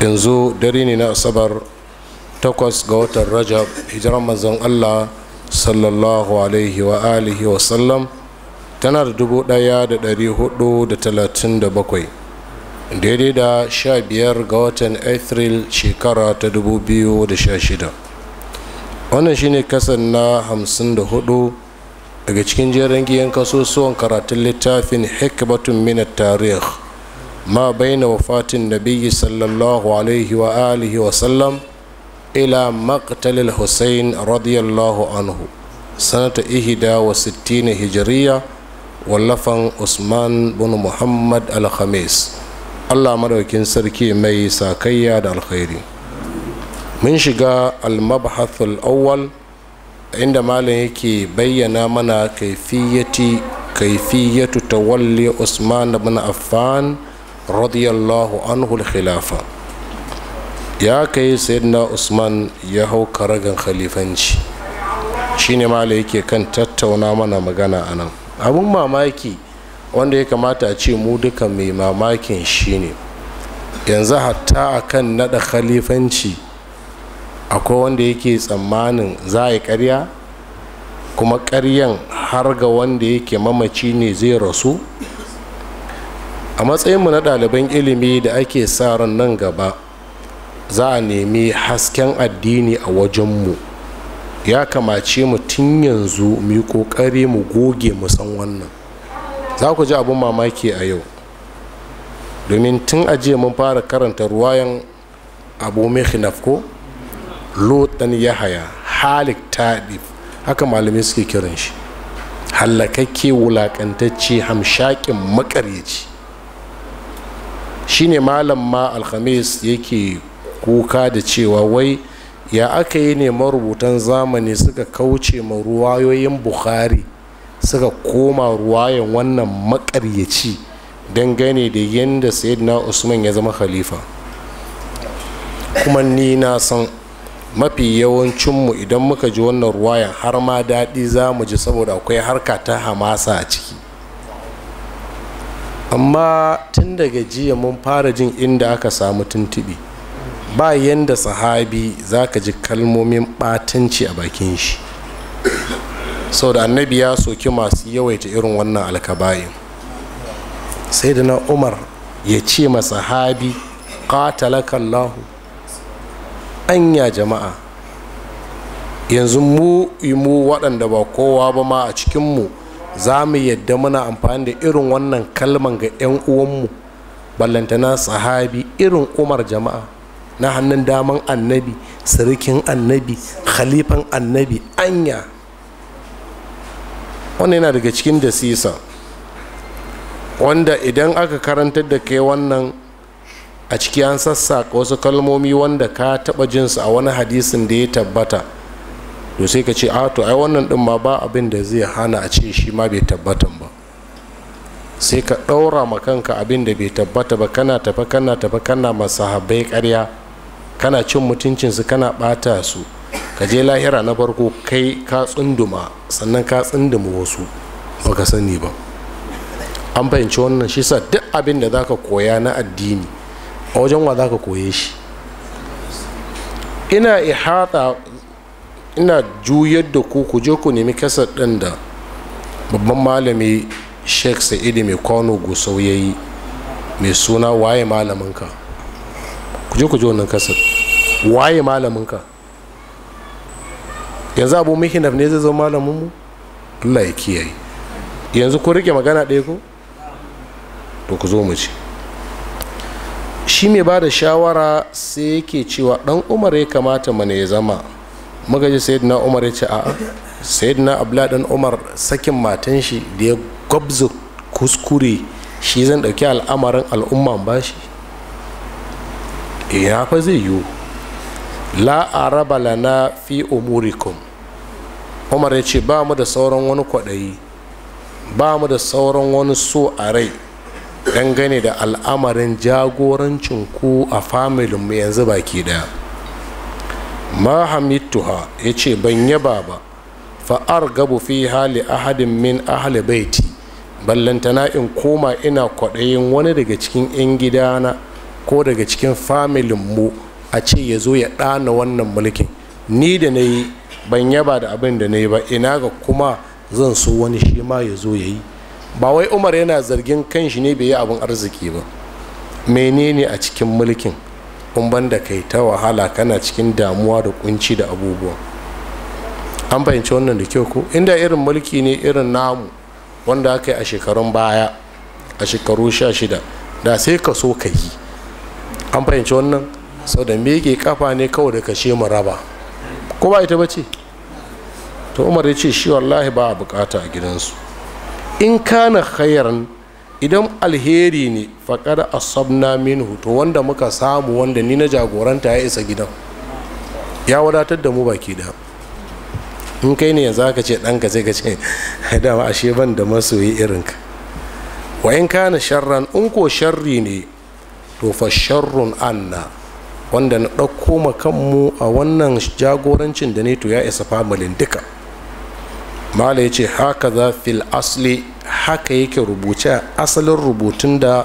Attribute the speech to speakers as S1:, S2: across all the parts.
S1: yanzu dare ne na asabar takwas ga watan rajab hijiran manzon allah sallallahu alaihi wa alihi wa sallam tana da dubu daya da dari hudu da talatin da bakwai daidai da sha biyar ga watan april shekara ta dubu biyu da sha shida wannan shine kasan na hamsin da hudu daga cikin jerin giyan kasusuwan karatun littafin hikmatun minat tarih ما بين وفاة النبي صلى الله عليه وآله وسلم إلى مقتل الحسين رضي الله عنه سنة إهدا وستين هجرية wallafan usman bin muhammad alhamis allah madaukin sarki mai sakayya da alkhairi mun shiga almabhathul awwal inda malam yake bayyana mana kaifiyati kaifiyatu tawalli usman bin affan radiyallahu anhu khilafa ya kai sayyidina usman ya hau karagan khalifanci shine mala yake kan tattauna mana magana a nan abun mamaki wanda ya kamata a ce mu duka mai mamakin shine yanzu hatta akan nada khalifanci akwai wanda yake tsammanin za a yi karya kuma karyan har ga wanda yake mamaci ne zai rasu a matsayin mu na ɗaliban ilimi da ake sa ran nan gaba za a nemi hasken addini a wajenmu ya kamace mu tun yanzu mu yi ƙoƙari mu goge mu san wannan za ku ji abin mamaki a yau domin tun ajiye mun fara karanta ruwayan abu mai ko lotan yahaya halik taɗif haka malamai suke kiran shi hallakakke wulaƙantacce hamshakin maƙaryaci. shine malam ma alhamis yake kuka da cewa wai ya aka yi ne marubutan zamani suka kauce ma ruwayoyin bukhari suka koma ruwayan wannan makaryaci dangane da yadda sayyidina usman ya zama khalifa kuma ni na san mafi yawancinmu idan muka ji wannan ruwayan har ma daɗi za mu ji saboda akwai harka ta hamasa a ciki amma tun daga jiya mun fara jin inda aka samu tuntubi ba yanda sahabi za ka ji kalmomin batanci a bakin shi sau da annabi ya soki masu yawaita irin wannan alkabayin sai da na umar ya ce ma sahabi qatalakallahu anya jama'a yanzu mu mu waɗanda ba kowa ba ma a cikinmu za mu yadda muna amfani da irin wannan kalman ga 'yan uwanmu ballantana sahabi irin umar jama'a na hannun daman annabi sirikin annabi khalifan annabi anya wannan yana daga cikin da sisa wanda idan aka karantar da kai wannan a ciki an sassaƙa wasu kalmomi wanda ka taɓa jinsu a wani hadisin da ya tabbata to sai ka ce a ah, to ai wannan din ma ba abin da zai hana a ce shi ma bai tabbatan ba sai ka ɗaura ma kanka abin da bai tabbata ba kana tafa kana tafa kana habai ƙarya kana cin mutuncinsu kana ɓata su ka je lahira na farko kai ka tsunduma sannan ka tsunduma wasu ba ka sani ba an fahimci wannan shi sa duk abin da za ka koya na addini a wajen wa za ka koye shi ina ihata ina juyar da ku ku je ku nemi kasar ɗin da babban malami sheikh sa'idi mai kwano gusau ya yi mai suna waye malaminka ku je ku je wannan kasar waye malaminka yanzu abu mihinaf ne zai zo malaminmu allah ya kiyaye yanzu ku rike magana ɗaya ko to ku zo mu ci shi mai ba da shawara sai yake cewa ɗan umar ya kamata mana ya zama muka ji sayyidina umar ya ce a sayyidina abla dan umar sakin matan shi da ya gwabza kuskure shi zan ɗauki al'amarin al'umma ba shi ina fa zai yiwu la araba lana fi umurikum umar ya ce ba mu da sauran wani kwaɗayi ba mu da sauran wani so a rai dangane da al'amarin jagorancin ku a mu yanzu baki daya ma hamituha ya ce ban yaba ba fa'ar gabu fi hali ahadin min ahli baiti ballantana in koma ina kwaɗayin wani daga cikin 'yan gidana ko daga cikin familin mu a ce ya zo ya ɗana wannan mulkin ni da na yi ban yaba da abin da na yi ba ina ga kuma zan so wani shi ma ya zo ya yi ba wai umar yana zargin kan shi ne bai yi abin arziki ba menene a cikin mulkin in banda kai ta wahala kana cikin damuwa da kunci da abubuwa an fahimci wannan da kyau ko inda irin mulki ne irin namu wanda aka yi a shekarun baya a shekaru sha shida da sai ka so ka yi an fahimci wannan sau da mege kafa ne kawai da kashe mu raba ko ba ita bace to umar ya ce shi wallahi ba a bukata a gidansu in kana khairan idan alheri ne faƙar sabna minhu to wanda muka samu wanda ni na jagoranta ya isa gidan ya wadatar da mu baki da in kai ne yanzu aka ce ɗanka sai ka ce dama ashe ban da masoyi ka. wa in kana sharran in ko sharri ne to fa sharrun anna wanda na ɗauko ma kanmu a wannan jagorancin da ne to ya isa famalin duka mala ya ce haka za fil asli haka yake rubuce a asalin rubutun da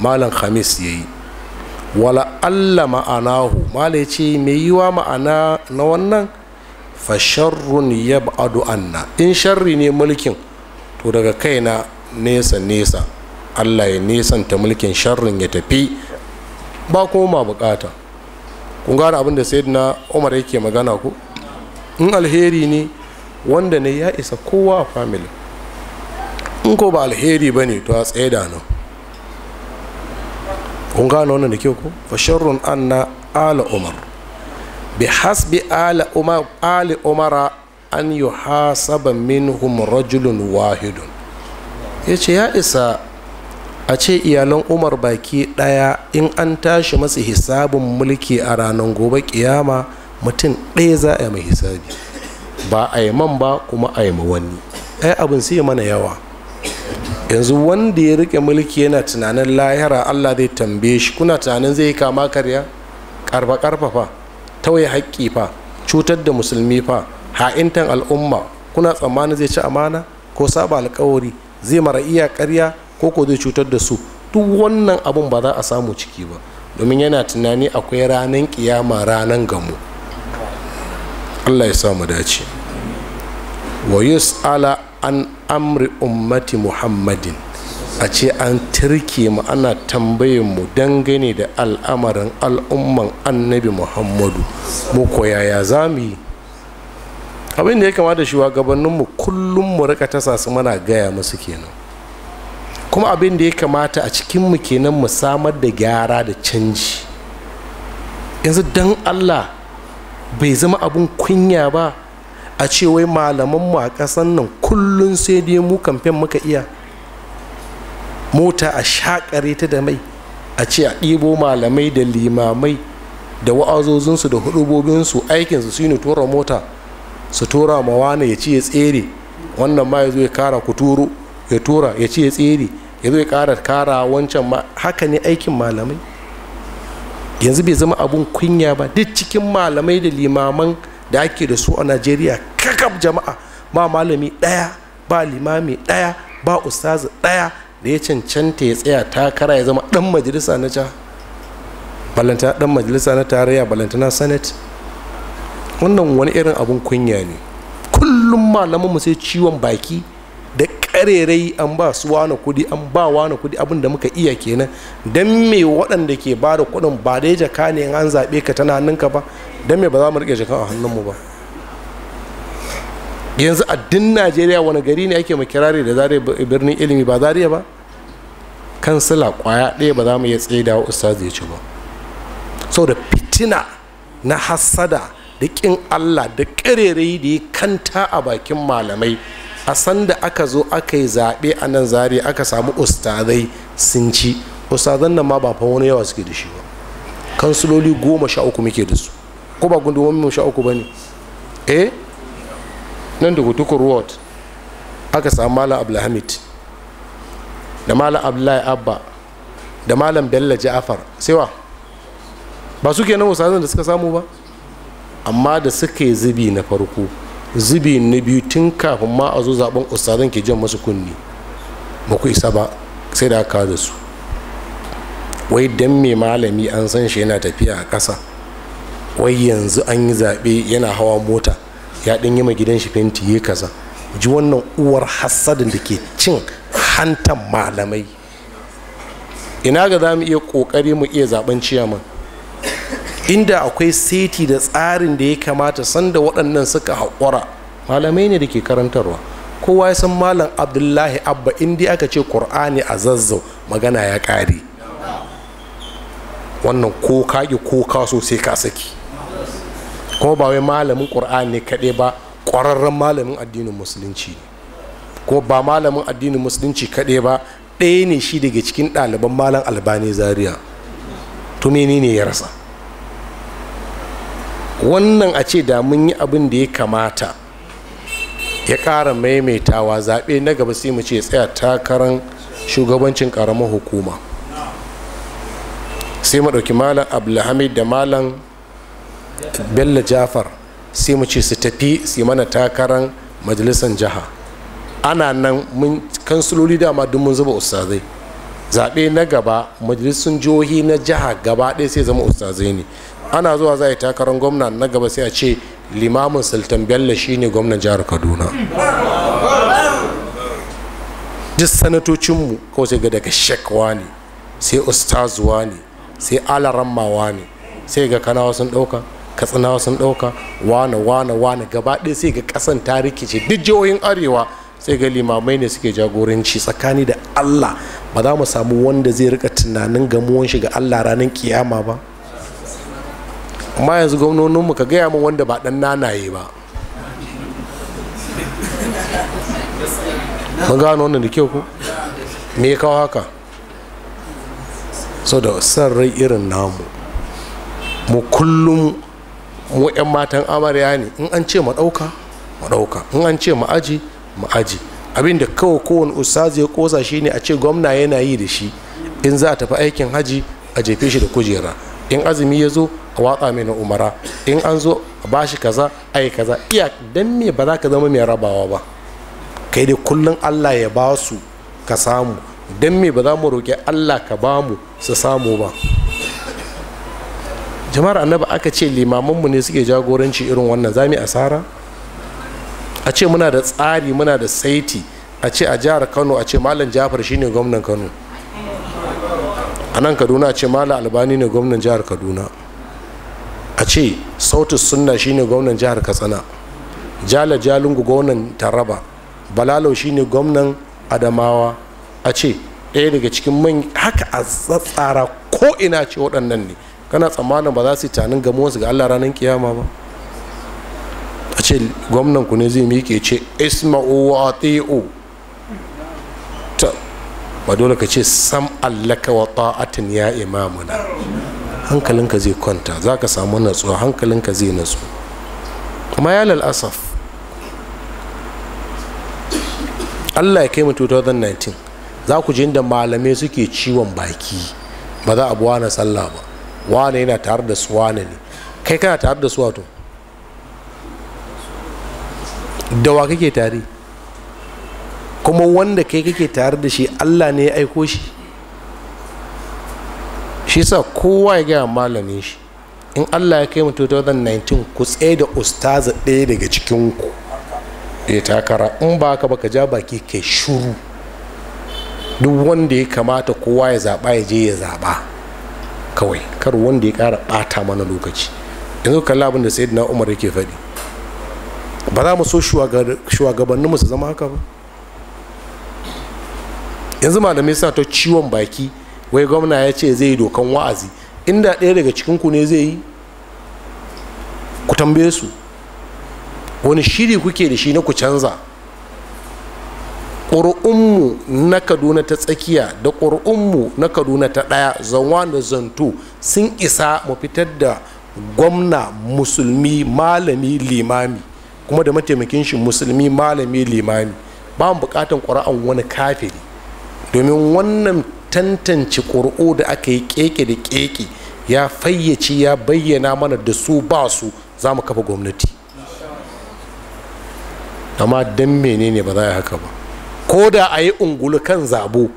S1: malam khamis ya yi wala alla ma'anahu mala ya ce mai yiwa ma'ana na wannan fasharrun ya ba'adu anna in sharri ne mulkin to daga kaina nesa nesa allah ya nesanta mulkin sharrin ya tafi ba kuma ma bukata kun gane abin da na umar yake magana ku in alheri ne wanda ne ya isa kowa a family in ko ba alheri ba ne to a tsaye da nan kun gano wannan da kyau ko fa sharrun anna ala umar bi hasbi ala umar ali umara an min minhum rajulun wahidun Ya ce ya isa a ce iyalan umar baki daya in an tashi masu hisabin mulki a ranar gobe kiyama mutum ɗaya za a yi mai hisabi ba a yi man ba kuma a yi wani ai abin sai mana yawa yanzu wanda ya rike mulki yana tunanin lahira allah zai tambaye shi kuna tunanin zai kama karya karba karfa fa tauye haƙƙi fa cutar da musulmi fa ha'intan al'umma kuna tsammanin zai ci amana ko saba alkawari zai mara iya karya ko ko zai cutar da su duk wannan abun ba za a samu ciki ba domin yana tunani akwai ranan kiyama ranan gamu allah ya samu dace wa yus'ala an amri ummati muhammadin a ce an turke mu ana tambayin mu dangane da al'amarin al'umman annabi muhammadu mu koyaya za mu yi abin da ya kamata shugabanninmu kullum mu rika tasa su mana gaya musu kenan kuma abin da ya kamata a cikinmu kenan mu samar da gyara da canji yanzu don allah bai zama abin kunya ba a ce wai malamanmu a ƙasan nan kullum sai dai mu kamfen muka iya mota a shakare ta da mai a ce a ɗibo malamai da limamai da wa'azozinsu da hudubobinsu aikinsu su ne tura mota su tura mawane ya ci ya tsere wannan ma ya zo ya kara kuturu ya tura ya ci ya tsere ya zo ya kara kara wancan ma haka ne aikin malamai yanzu bai zama abun kunya ba duk cikin malamai da limaman da ake da su a najeriya kakab jama'a ba malami ɗaya ba limami ɗaya ba ustazu ɗaya da ya cancanta ya tsaya takara ya zama ɗan majalisa na ja balanta ɗan majalisa na tarayya balanta senate wannan wani irin abun kunya ne kullum malaman mu sai ciwon baki karerai an ba su wani kudi an ba wani kudi abin da muka iya kenan don me waɗanda ke ba da kudin ba dai jaka ne an zaɓe ka tana hannunka ba don me ba za mu riƙe jaka a hannunmu ba yanzu a din najeriya wani gari ne ake makirari da zare birnin ilimi ba zare ba kansila kwaya ɗaya ba za mu iya tsaye da ustaz ya ci ba da fitina na hassada da ƙin allah da ƙarerayi da ya kanta a bakin malamai a sanda aka zo aka yi zaɓe a nan zari aka samu ustazai sun ci ustazan nan ma ba fa wani yawa suke da shi ba kansuloli goma sha uku muke da su ko ba gundu wani sha uku ba ne eh nan da gutukur ward aka samu malam abdulhamid da malam abdullahi abba da malam bello ja'afar sai ba su kenan ustazan da suka samu ba amma da suka yi zubi na farko zubi na biyu tun kafin ma a zo zaben ustazan ke jan masu kunni ba ku isa ba sai da aka da su wai dan mai malami an san shi yana tafiya a ƙasa wai yanzu an yi zaɓe yana hawa mota ya ɗan yi ma gidan shi fenti ya kaza ji wannan uwar hassadin da ke cin hantan malamai ina ga za mu iya ƙoƙari mu iya zaben ciyaman inda akwai seti da tsarin da ya kamata sanda waɗannan suka haƙura malamai ne da ke karantarwa kowa ya san malam abdullahi abba inda aka ce ƙur'ani a zazzau magana ya ƙare wannan ko kaƙi ko kaso sai ka saki kuma ba wai malamin ƙur'ani ne kaɗai ba ƙwararren malamin addinin musulunci ko ba malamin addinin musulunci kaɗai ba ɗaya ne shi daga cikin ɗaliban malam albani zaria to menene ya rasa wannan a ce da mun yi abin da ya kamata ya ƙara maimaitawa zaɓe na gaba sai mu ce tsaya takarar shugabancin ƙaramin hukuma sai mu ɗauki malam abdulhamid da malam bello jafar sai mu ce su tafi su mana takarar majalisar jiha ana nan mun kansuloli dama duk mun zuba ustazai zaɓe na gaba majalisun jihohi na jiha gaba ɗaya sai zama ustazai ne ana zuwa za a yi takarar gwamna na gaba sai a ce limamin sultan bello shine gwamnan jihar kaduna duk sanatocinmu kawai sai ga daga shekwa ne sai ustazuwa ne sai alarammawa ne sai ga kanawa sun ɗauka katsinawa sun ɗauka wane wane wane gaba ɗaya sai ga ƙasan ta rikice duk jihohin arewa sai ga limamai ne suke jagoranci tsakani da allah ba za mu samu wanda zai rika tunanin gamuwan shi ga allah ranar kiyama ba amma yanzu gwamnoninmu ka gaya min wanda ba dan nanaye ba mun gano wannan da kyau ku me ya kawo haka so da san rai irin namu mu kullum mu 'yan matan amarya ne in an ce madauka madauka in an ce ma'aji ma'aji abin da kawai kowane ustaz ya kosa shine a ce gwamna yana yi da shi in za a tafi aikin haji a jefe shi da kujera in azumi ya zo a watsa mai na umara in an zo a bashi kaza a yi kaza iya dan me ba za ka zama mai rabawa ba kai dai kullum allah ya ba su ka samu dan me ba za mu roƙi allah ka ba mu su samu ba jama'ar annaba aka ce limamanmu ne suke jagoranci irin wannan za zami asara a ce muna da tsari muna da saiti a ce a jihar kano a ce malam jafar shine gwamnan kano a nan kaduna ce mala albani ne gwamnan jihar kaduna a ce sautus sunna shine gwamnan jihar katsina jala jalungu gwamnan taraba balalau shine gwamnan adamawa a ce ɗaya daga cikin man haka a tsatsara ko ina ce waɗannan ne kana tsammanin ba za su tanin wasu ga allah ranar kiyama ba a ce gwamnan ku ne zai miƙe ce isma'u wa ati'u ba dole ka ce sam allaka wa ta'atin ya imamuna hankalinka zai kwanta za ka samu natsuwa hankalinka zai natsu kuma ya lalasaf allah ya kai mu 2019 za ku ji inda malamai suke ciwon baki ba za a buwa na sallah ba wane yana tare da su wane ne kai kana tare da su wato da wa kake tare kuma wanda kai kake tare da shi allah ne ya aiko shi shi sa kowa ya gaya malamin shi in allah ya kai mu 2019 ku tsaye da ustaza ɗaya daga cikinku ya takara in ba ka baka ja baki kai shuru duk wanda ya kamata kowa ya zaba ya je ya zaba kawai kar wanda ya kara ɓata mana lokaci yanzu kalla abin da sayyidina umar yake faɗi ba za mu so shugabanninmu su zama haka ba yanzu malamai sa ta ciwon baki wai gwamna ya ce zai yi dokan wa'azi inda ɗaya daga cikin ku ne zai yi ku tambaye su wani shiri kuke da shi na ku canza ƙuri'unmu na kaduna ta tsakiya da ƙuri'unmu na kaduna ta ɗaya zanwa da zanto sun isa mu fitar da gwamna musulmi malami limami kuma da mataimakin shi musulmi malami limami ba mu bukatan ƙuri'un wani kafiri domin wannan tantance ƙuri'u da aka yi keke da keke ya fayyaci ya bayyana mana da su ba su za mu kafa gwamnati amma don menene ba za a haka ba ko da a yi ungulu kan zabo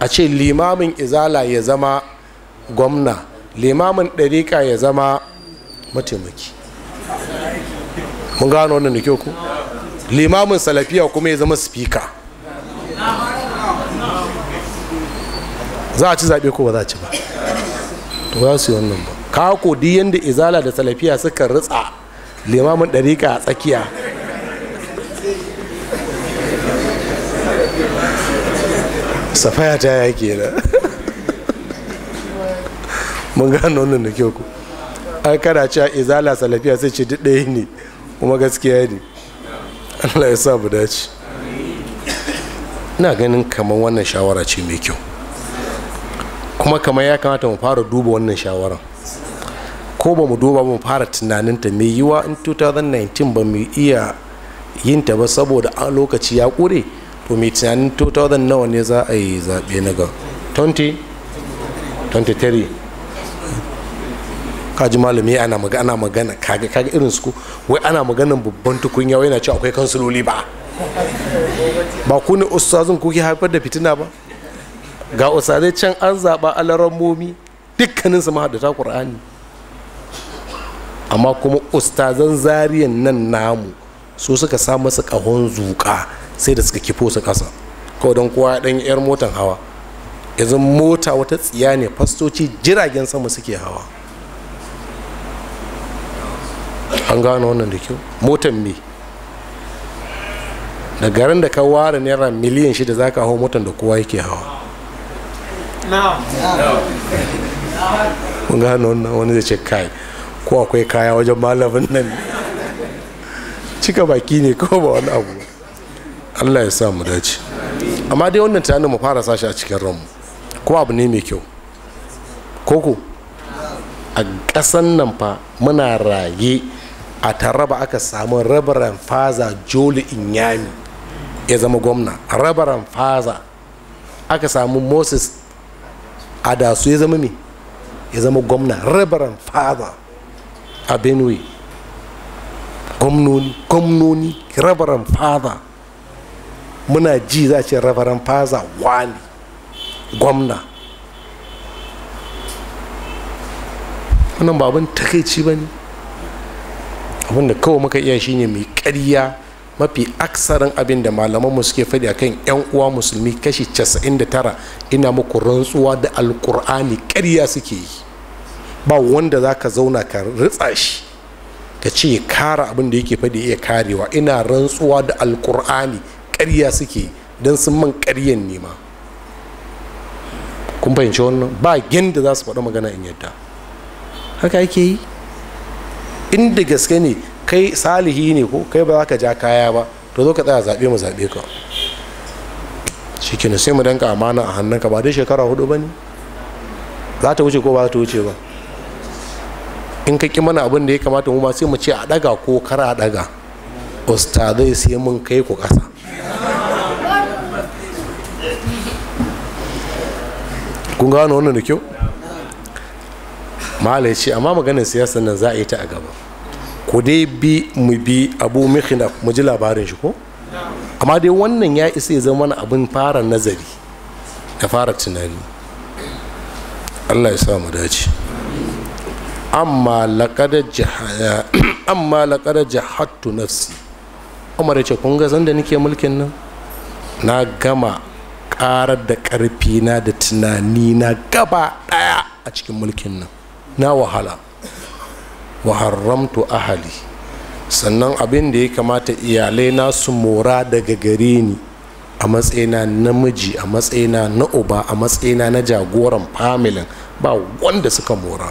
S1: a ce limamin izala ya zama gwamna limamin ɗariƙa ya zama mataimaki mun gano wannan da kyau ku limamin salafiya kuma ya zama spika za a ci zaɓe ko ba za a ci ba to za su yi wannan ba ka ko di yadda izala da salafiya suka ritsa limamin ɗariƙa a tsakiya safaya ta ya da mun gano wannan da kyau ku an kada cewa izala salafiya sai ce duk ɗaya ne kuma gaskiya ne allah ya sa mu dace ina ganin kamar wannan shawara ce mai kyau kuma kamar ya kamata mu fara duba wannan shawaran ko ba mu duba mu fara tunanin ta mai yiwa in 2019 ba mu iya yin ta ba saboda a lokaci ya kure to mai tunanin 2000 nawa ne za a yi zaɓe na ga 20 23 kaji malami ana magana magana kaga kaga irin su wai ana maganan babban tukunya wai na cewa akwai kansuloli ba ba ku ne ustazin kuke haifar da fitina ba ga usadai can an zaɓa alarammomi dukkaninsu ta ƙur'ani amma kuma ustazan zariyan nan namu su suka sa masa ƙahon zuƙa sai da suka kifo su ƙasa kawai don kowa ɗan yar motan hawa yanzu mota wata tsiya ne fastoci jiragen sama suke hawa an gano wannan da kyau motan me da garin da ka ware naira miliyan shida za ka hau motan da kowa yake hawa mun gano wannan wani zai ce kai ko akwai kaya wajen malamin nan cika baki ne ko ba wani abu allah ya sa mu dace amma dai wannan tunanin mu fara sashi a cikin ranmu ko abu ne mai kyau koko a ƙasan nan fa muna rage a taraba aka samu rabaran faza joli inyami ya zama gwamna rabaran faza aka samu moses a da su ya zama me ya zama gwamna rabaran father a benue gwamnoni gwamnoni rabaran father muna ji za ce rabaran father wani gwamna wannan ba abin takaici ba ne abinda kawai muka iya shine mai karya mafi aksarin abin da malamanmu suke faɗi kan yan uwa musulmi kashi 99 ina muku rantsuwa da alkur'ani karya suke yi ba wanda za ka zauna ka ritsa shi ka ce kara abin da yake fadi iya karewa ina rantsuwa da alkur'ani karya suke don sun man ƙaryan nema kun fahimci wannan ba yadda za su faɗi magana in yadda haka yake yi inda gaske ne kai salihi ne ko kai ba za ka ja kaya ba to zo ka tsaya zaɓe mu zaɓe ka shi kenan sai mu danka amana a hannunka ba dai shekara hudu ba ne za ta wuce ko ba za ta wuce ba in ka ƙi mana abin da ya kamata mu ma sai mu ce a ɗaga ko kar a ɗaga ustazai sai mun kai ku ƙasa kun gano wannan da kyau mala ce amma maganin siyasar nan za a yi ta a gaba ku dai bi mu bi abu mikhina mu ji labarin shi ko amma dai wannan ya isa ya zama abin fara nazari da fara tunani allah ya sa mu dace amma laƙadar jahattu nafsi umar ya kun ga zan da nake mulkin nan na gama ƙarar da ƙarfi na da tunani na gaba ɗaya a cikin mulkin nan na wahala wa haramtu ahali sannan abin da ya kamata iyalai na su mora daga gare ni a matsayina namiji a matsayina na uba a matsayina na jagoran familin ba wanda suka mora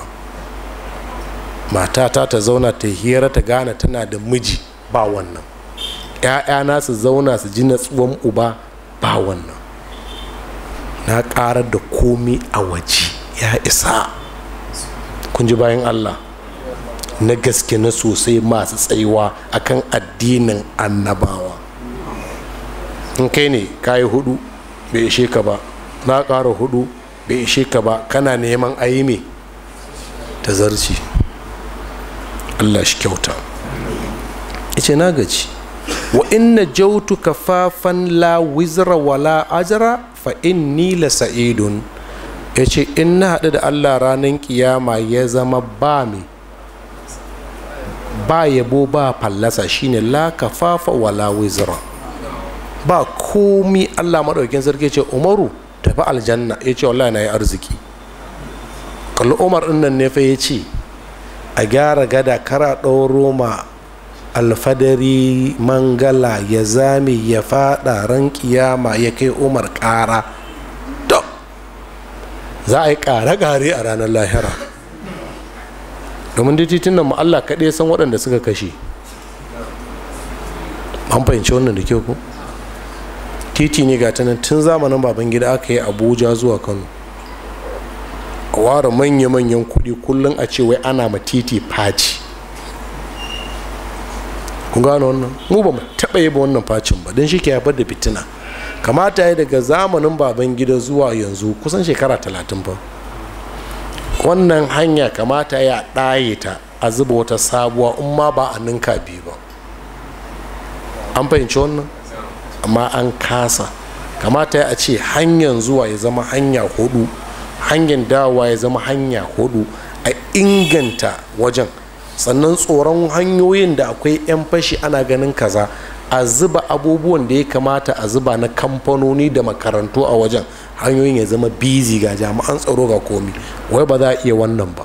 S1: matata ta zauna ta hira ta gana tana da miji ba wannan ‘ya'yana su zauna su ji natsuwan uba ba wannan na ƙara da komi a waje ya isa kun ji bayan allah na gaske na sosai masu tsayuwa kan addinin annabawa in kai ne ka yi hudu bai ishe ka ba na ƙara hudu bai ishe ka ba kana neman ayi ta zarci allah shi kyauta ice na gaci wa inna jautu kafafan la wizra wala ajra fa inni la sa'idun ya ce in na haɗu da allah ranar kiyama ya zama ba mai ba yabo ba fallasa shine la kafafa wala wizra ba komi Allah maɗaukin sarki ce umaru tafi aljanna yace ce wallahi na arziki kalli umar din nan ne fa yace a gyara gada kara ɗauro ma alfadari mangala ya zame ya fada ran kiyama ya kai umar ƙara za a yi ƙare-ƙare a ranar lahira domin da titin mu Allah kaɗai san waɗanda suka kashe an fahimci wannan da ke ku titi ne gata nan tun zamanin baban gida aka yi abuja zuwa kano a ware manya-manyan kuɗi kullum a ce ana ma titi faci ku gano wannan mu ba mu taɓa yi ba wannan facin ba don shi ke haifar da fitina kamata ya daga zamanin baban gida zuwa yanzu kusan shekara talatin ba wannan hanya kamata ya ɗaye ta a zuba wata sabuwa in ma ba a ninka biyu ba an fahimci wannan amma an kasa kamata ya ce hanyar zuwa ya zama hanya hudu hanyar dawowa ya zama hanya hudu a inganta wajen sannan tsoron hanyoyin da akwai 'yan fashi ana ganin kaza a zuba abubuwan da ya kamata a zuba na kamfanoni da makarantu a wajen hanyoyin ya zama bizi ga jami'an tsaro ga komi wai ba za a iya wannan ba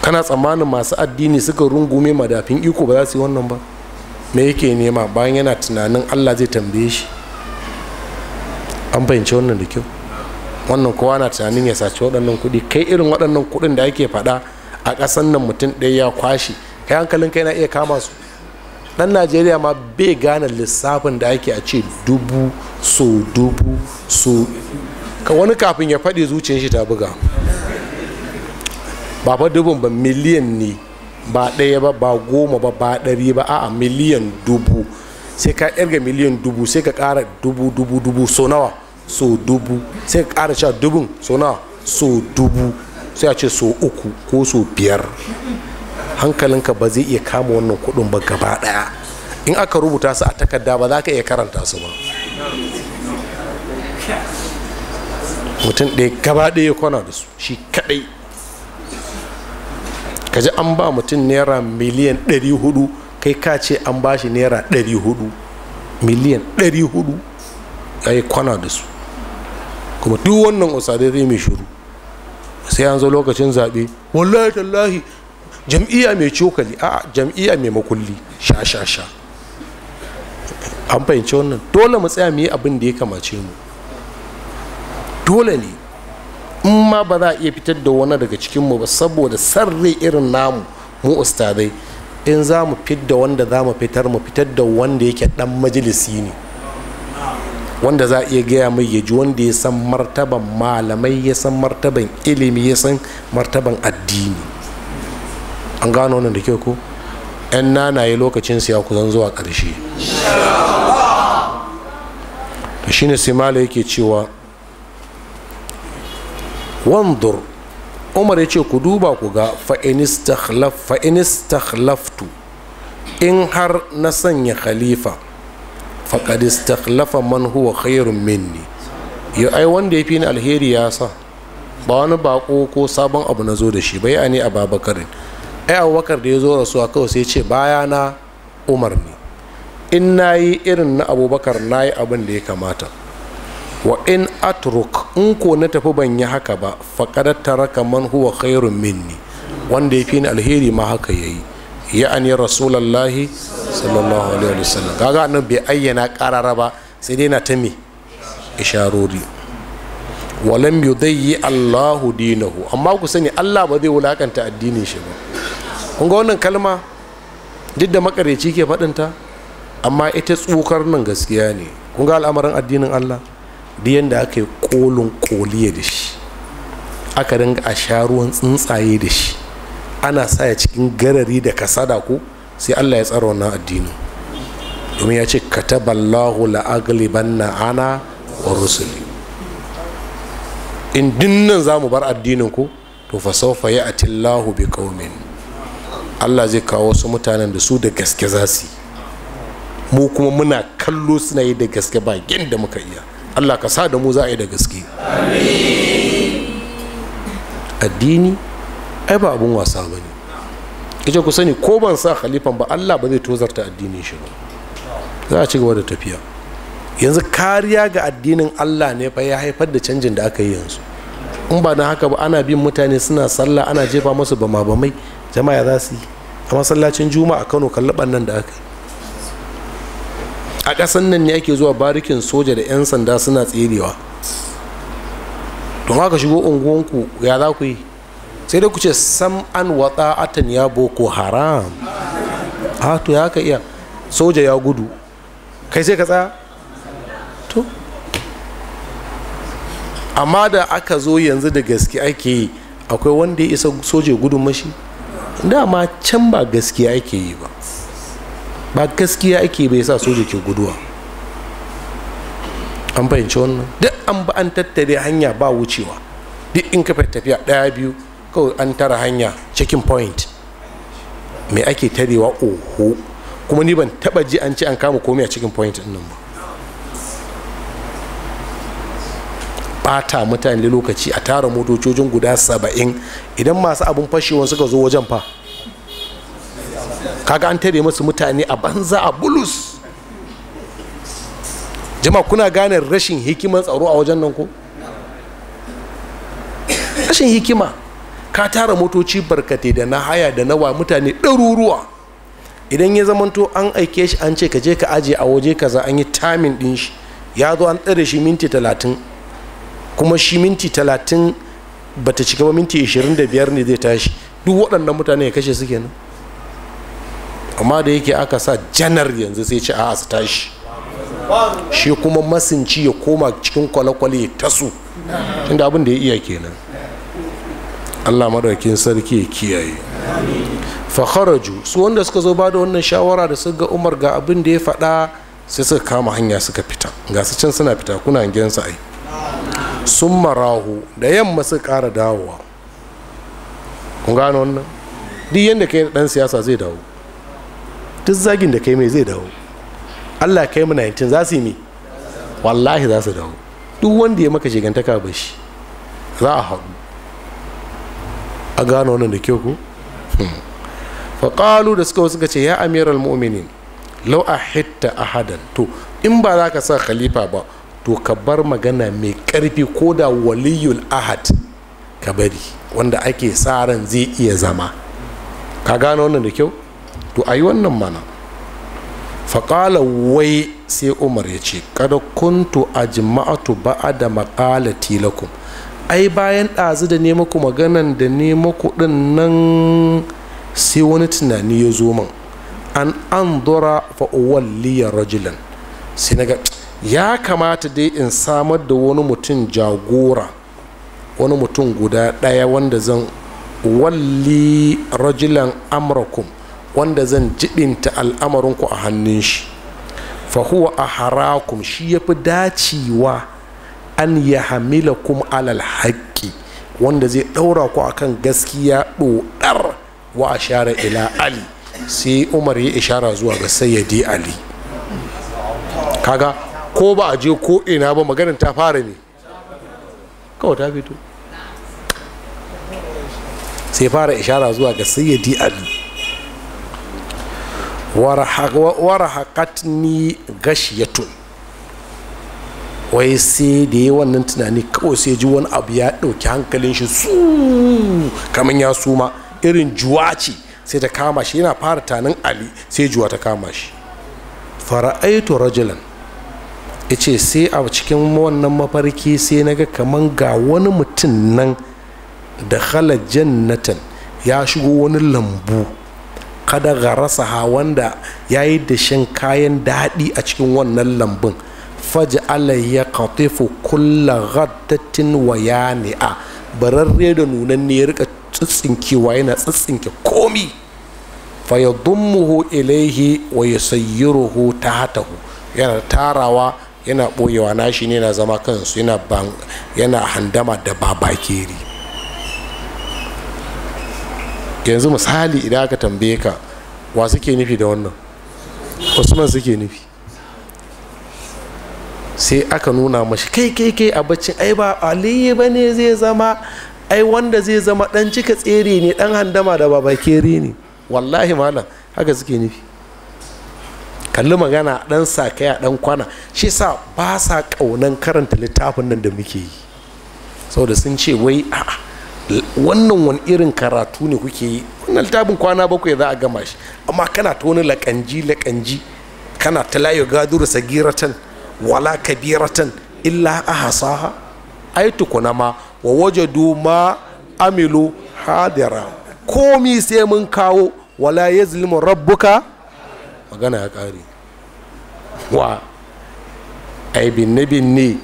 S1: kana tsammanin masu addini suka rungume madafin iko ba za su yi wannan ba me yake nema bayan yana tunanin allah zai tambaye shi an fahimci wannan da kyau wannan kowa na tunanin ya saci waɗannan kuɗi kai irin waɗannan kuɗin da ake faɗa a ƙasan nan mutum ɗaya ya kwashe kai hankalin kai na iya kama su dan najeriya ma bai gane lissafin da ake a ce dubu so dubu so ka wani kafin ya faɗi zuciyar shi ta buga ba fa dubun ba miliyan ne ba ɗaya ba ba goma ba ba ɗari ba a miliyan dubu sai ka irga miliyan dubu sai ka ƙara dubu dubu dubu so nawa so dubu sai ka ƙara sha dubun so nawa so dubu sai a ce so uku ko so biyar hankalinka ba zai iya kama wannan kudin ba gaba daya in aka rubuta su a takarda ba za ka iya karanta su ba mutum ɗaya gaba ɗaya kwana da su shi kaɗai ka ji an ba mutum naira miliyan 400 kai ka ce an ba shi naira 400 miliyan 400 ya yi kwana da su kuma duk wannan usadai zai mai shuru sai an zo lokacin zaɓe wallahi tallahi jam'iyya mai cokali a jam'iyya mai makulli sha sha sha an fahimci wannan dole mu tsaya mu yi abin da ya kamace mu dole ne in ma ba za a iya fitar da wani daga cikin mu ba saboda sarre irin namu mu ustazai in za mu da wanda za mu fitar mu fitar da wanda yake dan majalisi ne wanda za a iya gaya mai ya ji wanda ya san martaban malamai ya san martaban ilimi ya san martaban addini an gano wannan da kyau ku yan nanaye lokacin ya kusan zuwa ƙarshe da shine sai mala yake cewa wanzur umar ya ce ku duba ku ga fa'inistakhlaftu in har na sanya khalifa faƙadistakhlafa man huwa khairun minni ya ai wanda ya fi ni alheri ya sa ba wani bako ko sabon abu na zo da shi bai a ne a babakarin ai abubakar da ya zo rasuwa kawai sai ce baya na umar ne in na yi irin na abubakar na yi abin da ya kamata wa in atruk in ko na tafi ban yi haka ba faƙadar tara kamar huwa khairun minni wanda ya fi ni alheri ma haka ya yi ya an yi rasulallahi sallallahu alaihi wa sallam kaga nan bai ayyana ƙarara ba sai dai na ta me isharori walam yudayyi Allahu dinahu amma ku sani Allah ba zai wulakanta addinin shi ba Kunga wannan kalma duk da makareci ke faɗinta amma ita tsokar nan gaskiya ne kunga ga al'amarin addinin allah da yadda aka yi kolin koliye da shi aka dinga a sha ruwan tsuntsaye da shi ana sa ya cikin garari da kasada ko sai allah ya tsara wannan addinin domin ya ce kataballahu la'aglibanna ana wa rusuli in dinnan za mu bar addinin ku to fa sawfa ya'ti Allahu bi qaumin allah zai kawo wasu mutanen da su da gaske za su mu kuma muna kallo suna yi da gaske ba yadda muka iya allah ka sa da mu za a yi da gaske addini ai ba abun wasa ba ne ita ku sani ko ban sa khalifan ba allah ba zai tozarta addinin shi ba za a ci gaba da tafiya yanzu kariya ga addinin allah ne fa ya haifar da canjin da aka yi yanzu in ba na haka ba ana bin mutane suna sallah ana jefa masu bama bamai jama'a za su yi a masallacin juma'a kano kallaban nan da aka yi a ƙasan nan ne ake zuwa barikin soja da 'yan sanda suna tserewa don haka shigo unguwanku ya za ku yi sai dai ku ce sam an watsa atan ya boko haram a to ya ka iya soja ya gudu kai sai ka tsaya to amma da aka zo yanzu da gaske ake yi akwai wanda ya isa soja gudun mashi dama can ba gaskiya ake yi ba ba gaskiya ake bai sa soja ke guduwa an fahimci wannan duk an ba an tattare hanya ba wucewa duk in ka tafiya ɗaya biyu kawai an tara hanya checking point me ake tarewa oho kuma ni ban taba ji an ce an kama komai a cikin point ɗin nan ba bata mutane lokaci a tara motocin guda saba'in idan masu abin fashewa suka zo wajen fa kaga an tare masu mutane a banza a bulus jima kuna ganin rashin hikiman tsaro a wajen nan ko rashin hikima ka tara motoci barkate da na haya da nawa mutane ɗaruruwa idan ya zamanto an aike shi an ce ka je ka aje a waje kaza an yi tamin ɗin shi ya zo an tsare shi minti talatin kuma shi minti talatin bata cika ba minti ashirin da biyar ne zai tashi duk waɗannan mutane ya kashe suke nan amma da yake aka sa janar yanzu sai ce a'a su tashi shi kuma masinci ya koma cikin kwale-kwale ta su tunda abin da ya iya kenan allah madaukin sarki ya kiyaye fakharaju su wanda suka zo ba da wannan shawara da suka ga umar ga abin da ya faɗa sai suka kama hanya suka fita ga su can suna fita kuna hangen sa sun marahu da yamma su kara dawowa kun gano wannan duk yadda kai dan siyasa zai dawo duk zagin da kai mai zai dawo allah kai mu 19 za su yi mi wallahi za su dawo duk wanda ya maka shigantaka ba shi za a haɗu a gano wannan da kyau ko hmm. faƙalu da suka suka ce ya amiral mu'minin lau a hitta ahadan to in ba za ka sa khalifa ba to ka bar magana mai karfi ko da waliyul ahad ka bari wanda ake sa ran zai iya zama ka gane wannan da kyau to a yi wannan mana faƙala wai sai umar ya ce kada kuntu a jima'atu ba'a da maƙala tilakum ai bayan ɗazu da ne muku maganan da ne muku ɗin nan sai wani tunani ya zo min an an dora fa'uwalliya rajulan sai na ga ya kamata dai in samar da wani mutum jagora wani mutum guda ɗaya wanda zan walli rajulan amrakum wanda zan jibinta al'amarinku a hannun shi fahuwa a harakum shi ya fi dacewa an ya hamila kuma alal haƙƙi wanda zai ɗaura ku a kan gaskiya ɗoɗar wa a share ila ali sai umar ya ishara zuwa ga sayyadi ali kaga ko ba a je ko ina ba maganin ta fara ne kawai ta fito sai fara ishara zuwa ga sayyidi ali ya gashiyatun wai sai da yi wannan tunani kawai sai ji wani abu ya ɗauki hankalin shi su kamar ya suma irin juwa ce sai ta kama shi yana fara tanin ali sai juwa ta kama shi fara'aitu rajulan ya ce sai a cikin wannan mafarki sai na ga kaman ga wani mutum nan da khala jannatan ya shigo wani lambu kada garasa ha wanda ya yi dashen kayan daɗi a cikin wannan lambun faji ya katifu kulla gaddatin wayani'a bararre da nunan ne ya rika tsitsinkewa yana tsitsinke komi fayadummuhu ilaihi wa yusayyiruhu tahatahu yana tarawa yana ɓoyewa nashi ne na zama kansu yana handama da babakeri yanzu misali idan aka tambaye ka wa suke nufi da wannan usman suke nufi sai aka nuna mashi kai kai kai a baccin ai ba aliyu ba ne zai zama ai wanda zai zama dan cika tsere ne dan handama da babakeri ne wallahi malam haka suke nufi kalli magana dan sa kai a dan kwana shi sa ba sa ƙaunan karanta littafin nan da muke yi saboda sun ce wai a'a wannan wani irin karatu ne kuke yi wannan littafin kwana bakwai za a gama shi amma kana ta wani lakanji lakanji kana ta layo gaduru sagiratan wala kabiratan illa ahasaha ai tukuna ma wa wajadu ma amilu hadira komi sai mun kawo wala yazlimu rabbuka magana ya kare wa ai binne binne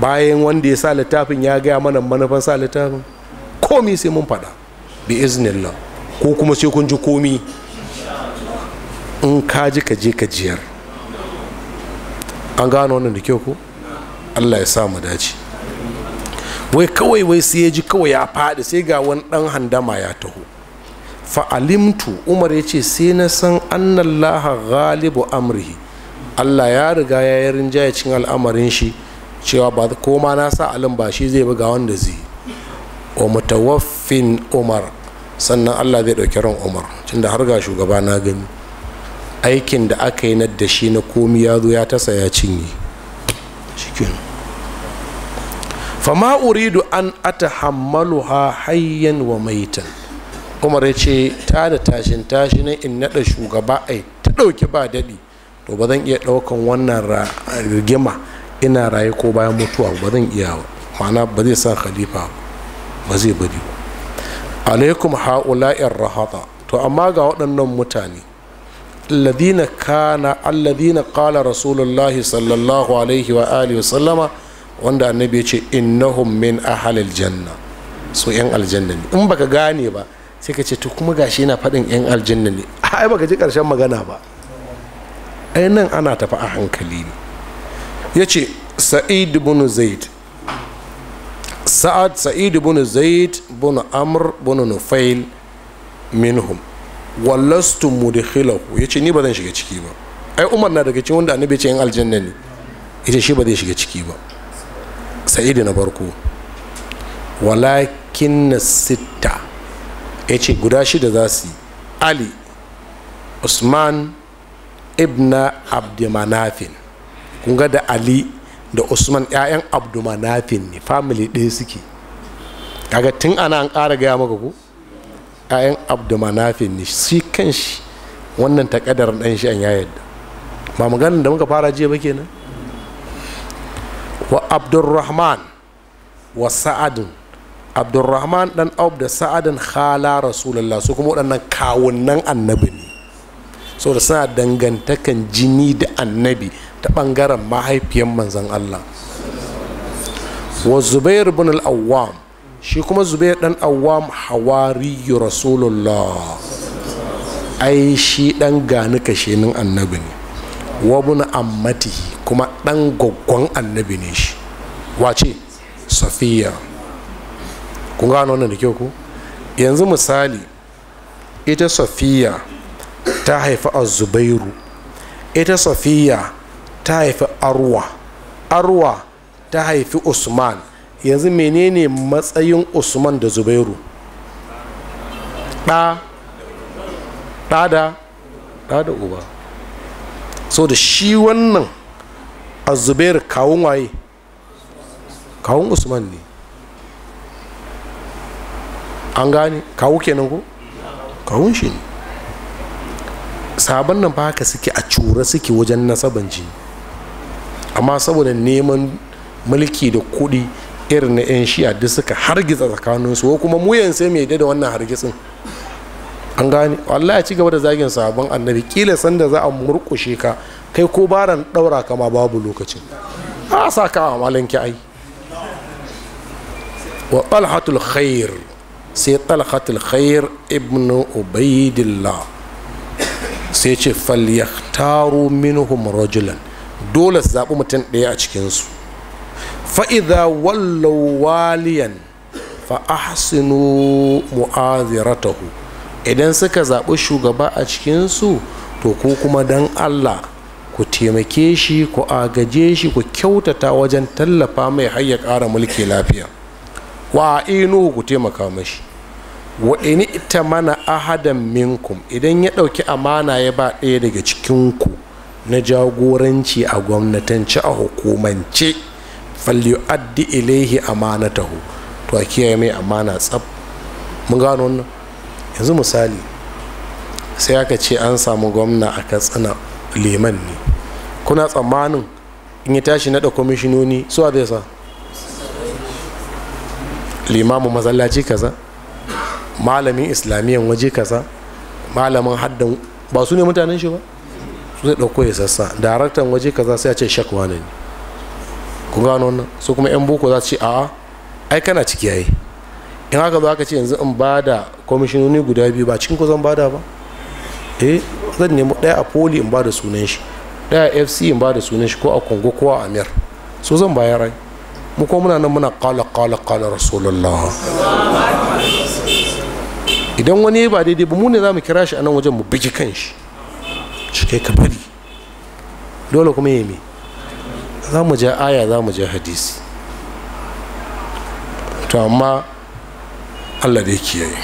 S1: bayan wanda ya sa littafin ya gaya mana manufan sa littafin komi sai mun faɗa bi iznillah ko kuma sai kun ji komi in ka ji ka je ka jiyar an gano wannan da kyau ko allah ya sa mu dace wai kawai wai sai ya ji kawai ya faɗi sai ga wani ɗan handama ya taho fa'alimtu umar ya ce sai na san annallaha ghalibu amrihi allah ya riga ya yi rinjaye cikin al'amarin shi cewa ba ko ma na sa alin ba shi zai buga wanda zai wa mutawaffin umar sannan allah zai ɗauki ran umar tunda har ga shugaba na gani aikin da aka yi na da shi na komi ya zo ya tasa ya cinye shikin fama uridu an atahammaluha hayyan wa maitan umar ya ce ta da tashin tashi na in naɗa shugaba ai ta ɗauki ba daɗi to ba zan iya ɗaukan wannan rigima ina rayu ko bayan mutuwa ba zan iya ba ma'ana ba zai sa khalifa ba zai bari ba alaikum ha'ula'in rahata to amma ga waɗannan mutane alladhina kana alladhina qala rasulullahi sallallahu alaihi wa alihi wa sallama wanda annabi ya ce innahum min ahlil janna su yan aljanna ne in baka gane ba sai ka ce to kuma gashi yana faɗin yan aljanna ne ai baka ji karshen magana ba ainihin ana tafi a hankali ne ya ce sa'id bin zaid sa'ad sa'id bin zaid bin amr bin nufail minhum wallastu mudkhilahu yace ni ba zan shiga ciki ba ai umar na daga cikin wanda annabi ce yan aljanna ne yace shi ba zai shiga ciki ba sa'id na barko walakin sitta yace guda shida za su yi ali usman ibna abdumanafin kun ga da ali da usman 'ya'yan abdumanafin ne family ɗaya suke kaga tun ana an ƙara gaya maka ku 'ya'yan abdumanafin ne shi kan shi wannan takadar ɗan shi an ya yadda ba maganin da muka fara jiya ba kenan wa abdurrahman wa sa'adun abdurrahman dan aub da sa'adun khala rasulullah su kuma waɗannan kawunan annabi ne saboda suna dangantakan jini da annabi ta ɓangaren mahaifiyan manzan Allah wa zubair bin al-awwam shi kuma zubair dan awwam hawariyu rasulullah ai shi dan gani kashenin annabi ne wa bin ammati kuma dan gaggon annabi ne shi wace safiya kun gano wannan da kyau ku yanzu misali ita safiya ta haifi azubairu ita safiya ta haifi arwa arwa ta haifi usman yanzu menene matsayin usman da zubairu ɗa ɗa da ɗa da uba so da shi wannan azubairu kawun waye kawun usman ne an gane kawu kenan ko kawun shi ne sabon nan fa haka suke a cura suke wajen nasaban ji amma saboda neman mulki da kuɗi irin na 'yan shi'a duk suka hargitsa tsakaninsu ko kuma muyan sai mai da wannan hargitsin an gane wallahi ya ci gaba da zagin sabon annabi kila sanda za a murkushe ka kai ko baran daura kama babu lokaci a sa ka a malanki ai wa talhatul khair sai talhatul khair ibnu ubaidillah sai ce falyaktaru minhum rajulan dole su zaɓi mutum ɗaya a cikinsu fa'iza wallau waliyan fa mu'aziratahu idan suka zaɓi shugaba a cikinsu to ko kuma don allah ku taimake shi ku agaje shi ku kyautata wajen tallafa mai hayya ƙara mulki lafiya wa inu ku taimaka mashi wa ini ita mana ahadan minkum idan ya ɗauki amana ya ba ɗaya daga cikinku na jagoranci a gwamnatance a hukumance addi ilaihi amanatahu to a kiyaye mai amana tsab mun gano wannan yanzu misali sai aka ce an samu gwamna a katsina liman ne kuna tsammanin in ya tashi naɗa kwamishinoni suwa zai sa limamu masallaci kaza malamin islamiyan waje kaza malamin haddan ba su ne mutanen shi ba su zai dauko ya sassa daraktan waje kaza sai a ce shakwa ne ku gano wannan su kuma yan boko za su ce a'a ai kana ciki yayi in haka zo ka ce yanzu in ba da kwamishinoni guda biyu ba cikin ku zan bada ba eh zan nemi ɗaya a poli in ba da sunan shi ɗaya a fc in ba da sunan shi ko a kongo ko a amir su zan bayar mu ko muna nan muna kala kala kala rasulullah idan wani ba daidai ba mu ne za mu kira shi a nan wajen mu bigi kan shi shi kai ka bari dole kuma yi me za mu ja aya za mu ja hadisi to amma allah da ya kiyaye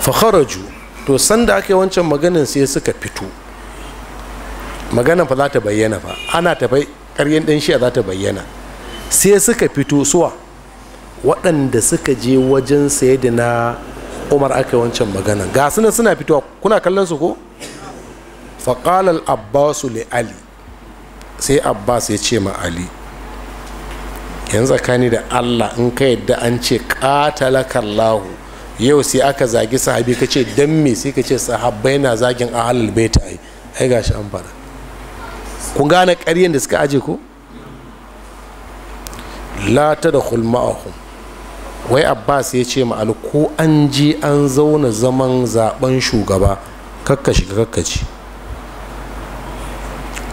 S1: fakharaju to sanda aka yi wancan maganin sai suka fito maganan fa za ta bayyana fa ana tafai karyen dan shiya za ta bayyana sai suka fito suwa waɗanda suka je wajen da na umar aka wancan magana ga suna suna fitowa kuna kallon su ko faƙalar abbasu li ali sai abbas ya ce ma ali yanzu tsakani da allah in ka yadda an ce katalakallahu yau sai aka zagi sahabi ka ce don me sai ka ce sahabbai na zagin ahalul baita ai ai gashi an fara kun gane ƙaryen da suka aje ko la ta da hulma'ahum wai abbas ya ce ma'al ko an ji an zauna zaman zaben shugaba kakka shiga kakka ci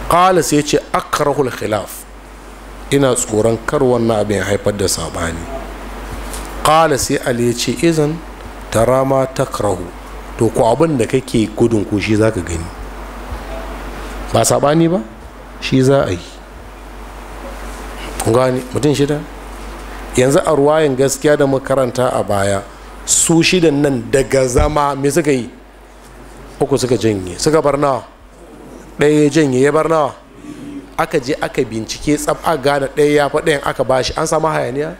S1: ƙala sai ce akrahul khilaf ina tsoron kar wannan abin haifar da sabani ƙala sai ali ya ce izan rama ta takrahu to ku abin da kake gudun ku shi za ka gani ba sabani ba shi za a yi gani mutum shida yanzu a ruwayin gaskiya da makaranta a baya su shidan nan daga zama me suka yi uku suka janye suka bar nawa ɗaya ya janye ya bar nawa aka je aka bincike tsab a gane ɗaya ya faɗa ɗayan aka bashi an samu hayaniya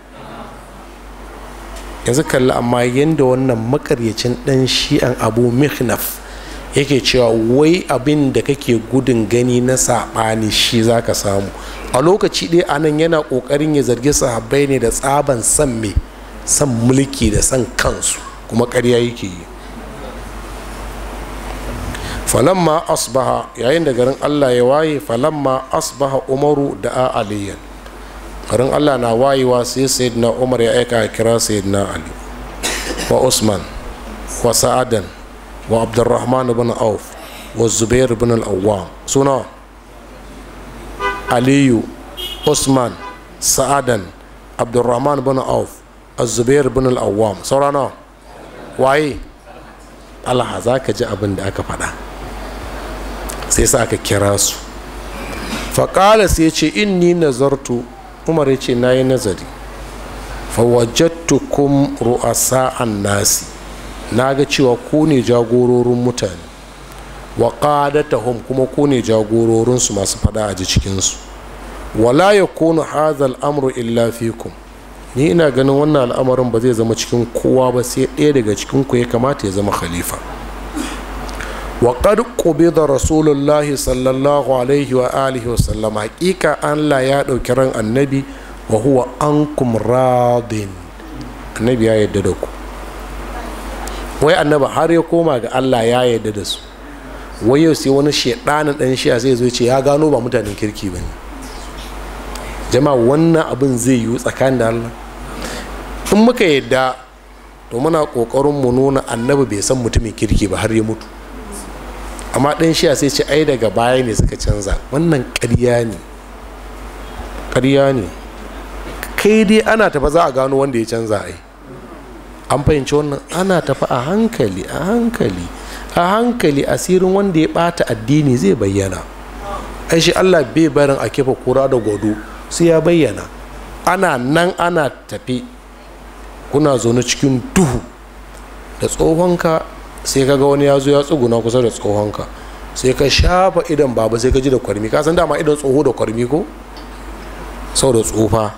S1: yanzu kalli amma yadda wannan makaryacin ɗan shi'an abu mihnaf yake cewa wai abin da kake gudun gani na saɓani shi za ka samu a lokaci ɗaya anan yana ƙoƙarin ya zargi sahabbai ne da tsaban san me san mulki da san kansu kuma ƙarya yake yi falamma asbaha yayin da garin allah ya waye falamma asbaha umaru da a aliyan garin allah na wayewa sai sayyidina umar ya aika kira sayyidina ali wa usman wa sa'adan wa abdurrahman ibn auf wa zubair ibn al suna aliyu usman sa'adan Abdulrahman ibn auf az-zubair ibn al-awwam saurana waye Allah za ka ji abin da aka faɗa sai sa aka kira su faƙala sai ce inni nazartu umar ya ce na yi nazari fawajattukum sa'an nasi na ga cewa ku ne jagororin mutane wa qadatahum kuma ku ne jagororinsu masu faɗa a cikinsu wala ya hadha al-amru illa fikum ni ina ganin wannan al'amarin ba zai zama cikin kowa ba sai ɗaya daga cikin ku ya kamata ya zama khalifa wa qad qubida rasulullahi sallallahu alaihi wa alihi wa sallam haƙiƙa Allah ya ɗauki ran annabi wa huwa ankum radin annabi ya yadda da ku wai annaba har ya koma ga allah ya yarda da su wai yau sai wani shedanin dan shiya zai zo ce ya gano ba mutanen kirki ba ne jama'a wannan abin zai yiwu tsakanin da allah in muka yarda to muna kokarin mu nuna annabi bai san mutumin kirki ba har ya mutu amma dan shiya sai ce ai daga baya ne suka canza wannan ƙarya ne ƙarya ne kai dai ana tafa za a gano wanda ya canza ai an fahimci wannan ana tafi a hankali a hankali a hankali asirin wanda ya bata addini zai bayyana ai shi allah bai barin a kefa kura da gwado sai ya bayyana ana nan ana tafi kuna zaune cikin duhu da tsohonka sai ka ga wani ya zo ya tsuguna kusa da tsohonka sai ka shafa idan baba sai ka ji da kwarmi ka san dama idan tsoho da kwarmi ko sau da tsofa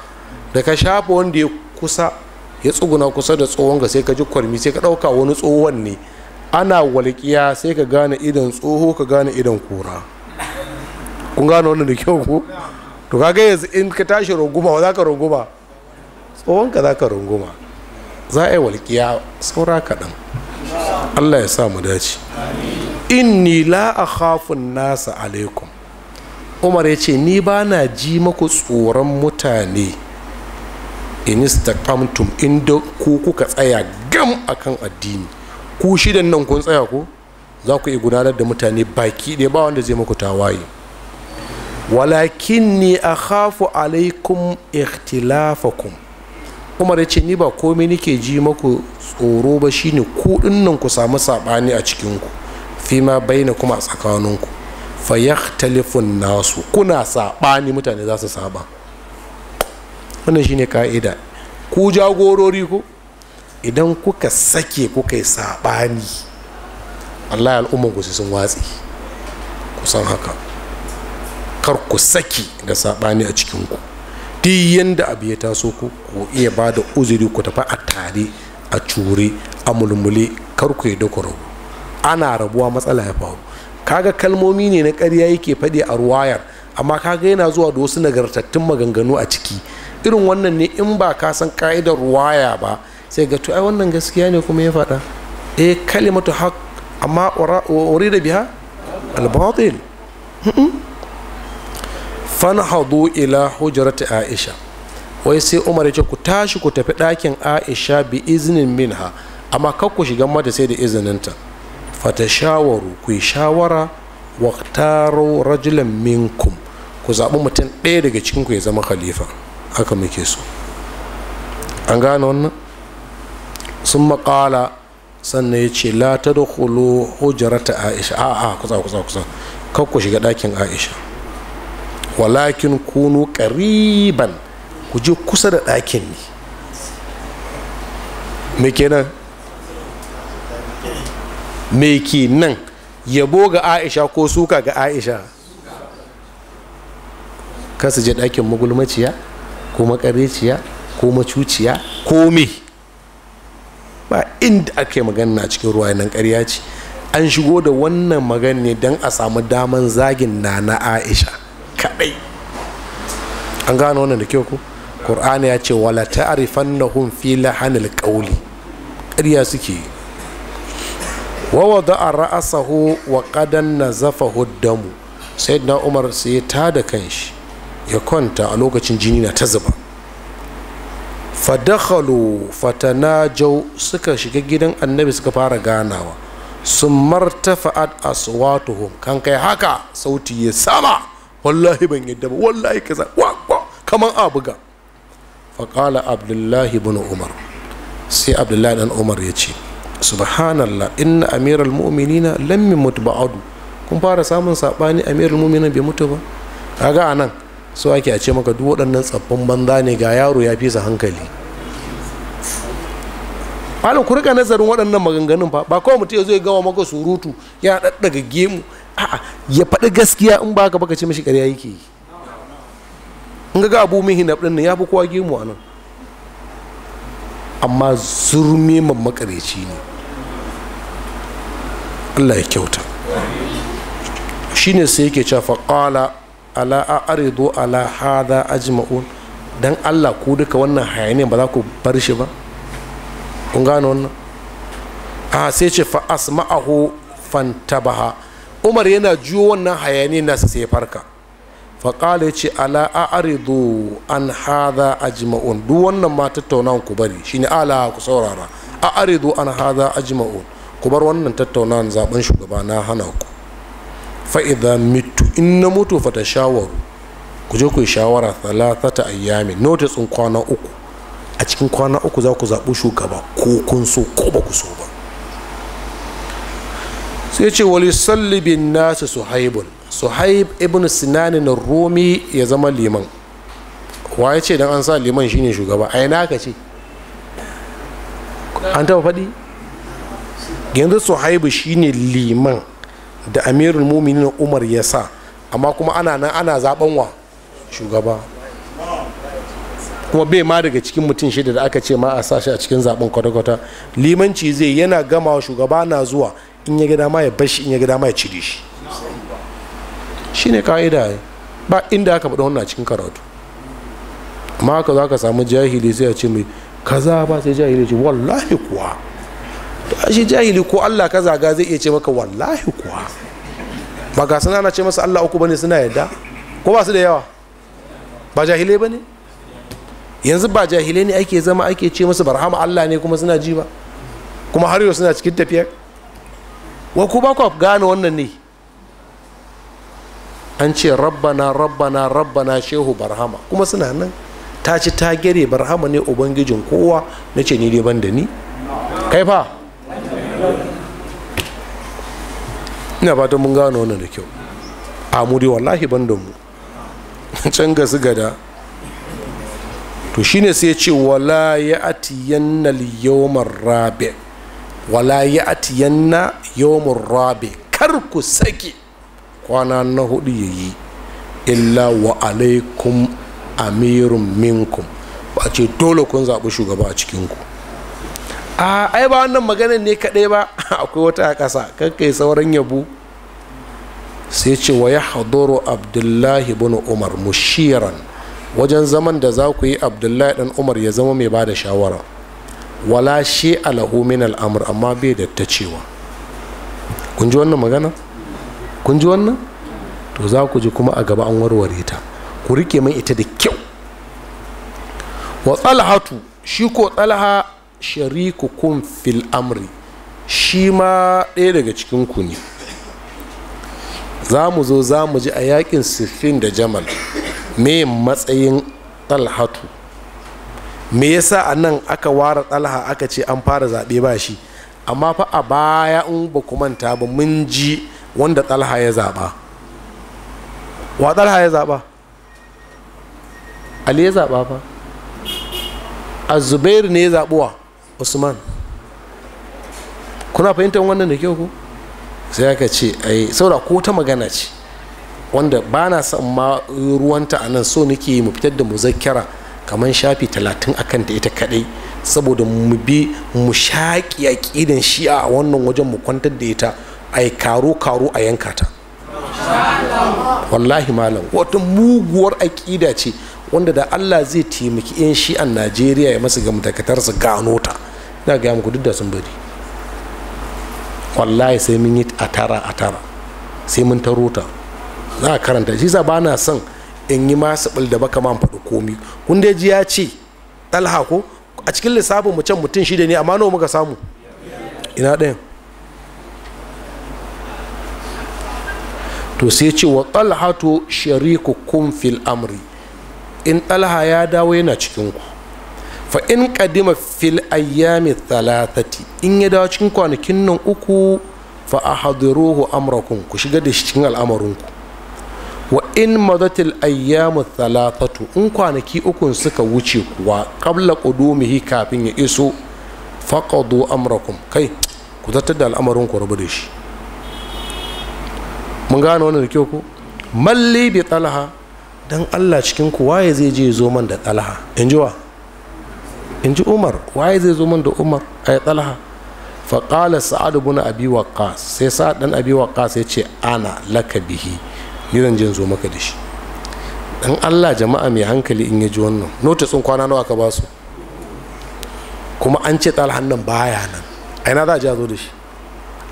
S1: da ka shafa wanda ya kusa ya tsuguna kusa da tsohon ga sai ka ji kwarmi sai ka ɗauka wani tsohon ne ana walƙiya sai ka gane idan tsoho ka gane idan kura kun gane wannan da kyau ko to kaga yanzu in ka tashi runguma za ka runguma tsohon ka za ka runguma za a yi walƙiya saura kaɗan allah ya sa mu dace inni la a hafin nasa alaikum umar ya ce ni ba na ji maku tsoron mutane in istaqamtum inda ku kuka tsaya gam akan addini ku shidan nan kun tsaya ko za ku iya gudanar da mutane baki ɗaya ba wanda zai muku tawaye walakin ni a hafu alaikum ikhtilafakum kuma da ce ni ba komai nake ji maku tsoro ba shine ku nan ku samu saɓani a cikin cikinku fima baina kuma a tsakaninku fa yakhtalifun nasu kuna saɓani mutane za su saba wannan shine ka'ida ku jagorori ku idan kuka sake kuka yi saɓani allah al'ummar ku sun watsi kusan haka kar ku saki da saɓani a cikin cikinku duk yadda abu ya taso ku ku iya ba da uzuri ku tafi a tare a cure a mulmule kar ku yi da ana rabuwa matsala ya faru kaga kalmomi ne na ƙarya yake faɗi a ruwayar amma kaga yana zuwa da wasu nagartattun maganganu a ciki irin wannan ne in ba ka san ka'idar ruwaya ba sai ga to ai wannan gaskiya ne kuma ya faɗa e kalimatu haq amma wuri da biya al-batil fanhadu ila hujrati aisha wai sai umar ya ce ku tashi ku tafi ɗakin aisha bi iznin minha amma kar ku shiga mata sai da izininta fata shawaru ku yi shawara taro rajulan minkum ku zaɓi mutum ɗaya daga cikin ku ya zama khalifa haka muke so an gane wannan sun makala sannan ya ce la ta da hulu hujjarata aisha a a kusa kusa kusa kakku shiga ɗakin aisha walakin kunu kariban ku je kusa da ɗakin ne me nan me nan yabo ga aisha ko suka ga aisha kasu je ɗakin magulmaciya ko makareciya ko macuciya ko me ba inda ake magana cikin ruwa nan ƙarya ce an shigo da wannan magana ne don a samu daman zagin na na aisha kaɗai an gano wannan da kyau ko ƙur'ani ya ce wala hun fila lahanil ƙauli ƙarya suke wa a ra'asahu wa ƙadan na zafa damu na umar sai ta da kanshi ya kwanta a lokacin jini na ta zuba fadakhalu fatanajau suka shiga gidan annabi suka fara ganawa sun martafa'at aswatuhum kan kai haka sauti ya sama wallahi ban yadda ba wallahi kaza wa wa kaman abuga faƙala abdullahi ibn umar sai abdullahi dan umar ya ce subhanallah inna amiral mu'minina lam yamut ba'adu kun fara samun sabani amiral mu'minina bai mutu ba kaga nan. so ake a ce maka duk waɗannan tsaffin banza ne ga yaro ya fi sa hankali malam ku rika nazarin waɗannan maganganun fa ba kawai mutum ya zo ya gama maka surutu ya daddaga gemu a'a ya faɗi gaskiya in ba ka baka ce mashi ƙarya yake yi in ga abu min hina ɗin ya fi kowa gemu a nan amma zurme man makareci ne Allah ya kyauta shine sai yake cewa ƙala. ala arido ala hada ajma'un dan Allah ku duka wannan hayaniya ba za ku bar shi ba kun gano wannan a sai ce fa asma'ahu fantabaha umar yana juyo wannan hayaniya nasa sai farka fa qala yace ala arido an hada ajma'un duk wannan ma tattaunawan ku bari shine ala ku saurara a arido an hada ajma'un ku bar wannan tattaunawan zaben shugaba na hana ku fa'iza mitu in na mutu fata shawaru ku je ku yi shawara ta ayyami notice kwana uku a cikin kwana uku za ku zaɓi shugaba ko kun so ko ba ku so ba sai ce wali sallibin nasu suhaibun haib ibn sinanin romi ya zama liman wa ya ce don an sa liman shine shugaba a yana ka ce an taba faɗi yanzu suhaibu shine liman da amirul muminin umar ya sa amma kuma ana nan ana zaben wa shugaba kuma bai ma daga cikin mutum shida da aka ce ma a sashi a cikin zaben kwata-kwata limanci zai yana gama shugaba na zuwa in ya gada ma ya bashi in ya gada ma ya cire shi Shi ne ka'ida ba inda aka faɗa wannan cikin karatu amma haka za ka samu jahili sai a ce mai kaza ba sai jahili ce wallahi kuwa to shi jahili ko Allah ka zaga zai iya ce maka wallahi kuwa ba ga suna na ce masa Allah uku bane suna yadda ko ba su da yawa ba jahilai bane yanzu ba jahilai ne ake zama ake ce masa barhama Allah ne kuma suna ji ba kuma har yau suna cikin tafiyar wa ku ba ku gane wannan ne an ce rabbana rabbana rabbana shehu barhama kuma suna nan ta ci ta gere barhama ne ubangijin kowa na ce ni dai ban da ni kai fa ina fatan mun gano wannan da kyau a muri wallahi ban mu can gasu gada to shine sai ya ce wala ya atiyanna yawmar rabi wala ya atiyanna yawmar rabi kar ku saki kwana na hudu yayi illa wa alaikum amirun minkum ba ce dole kun zaɓi shugaba a cikinku a ai ba wannan maganar ne kaɗai ba akwai wata a ƙasa kai sauran yabo sai ce wa ya hadoro abdullahi bin umar mushiran wajen zaman da za ku yi abdullahi dan umar ya zama mai ba da shawara wala shi alahu min al'amur amma bai da ta cewa kun ji wannan magana kun ji wannan to za ku ji kuma a gaba an warware ta ku rike min ita da kyau wa tsalhatu shi ko tsalha sharikukum fil amri shi ma ɗaya daga cikinku ne za mu zo za mu ji a yakin siffin da jamal me matsayin talhatu me yasa a nan aka ware talha aka ce an fara zaɓe ba shi amma fa a baya in ba ku manta ba mun ji wanda talha ya zaɓa wa talha ya zaɓa ali ya zaɓa fa a zubairu ne ya zaɓuwa usman kuna fahimtar wannan da kyau ko sai aka ce ai saboda ko ta magana ce wanda ba na son ma ruwanta a nan so nake mu fitar da muzakkara kamar shafi talatin a kanta ita kadai saboda mu bi mu shaƙi aƙidan shi'a a wannan wajen mu kwantar da ita ai karo karo a yanka ta wallahi malam wata muguwar aƙida ce wanda da allah zai taimaki 'yan shi'an najeriya ya masu su gano ta na gaya muku duk da sun bari wallahi sai mun yi a tara a tara sai mun taro ta za a karanta shi sa ba na son in yi masu bul da baka man faɗi komi kun dai ji ya ce ɗalha ko a cikin lissafin mu can mutum shida ne amma nawa muka samu ina ɗayan to sai ce wa ɗalha to shariku kun fil amri in ɗalha ya dawo yana cikinku fa in kadima fil ayyami thalathati in ya dawo cikin kwanakin nan uku fa ahdiruhu amrakum ku shiga da shi cikin ku wa in madatil ayyamu thalathatu in kwanaki uku suka wuce kuwa qabla qudumihi kafin ya iso faqadu amrakum kai ku zartar da al'amarinku rabu da shi mun gane wannan da kyau ko malli bi talha dan Allah cikin ku waye zai je zo man da talha in in ji umar waye zai zo min da umar a ya talha faƙala sa'ad ibn abi waqqas sai sa'ad dan abi waqqas ya ce ana laka bihi ni zan zo maka da shi dan Allah jama'a mai hankali in ya ji wannan notice in kwana nawa ka ba su kuma an ce talhan nan baya nan a ina za a ji zo da shi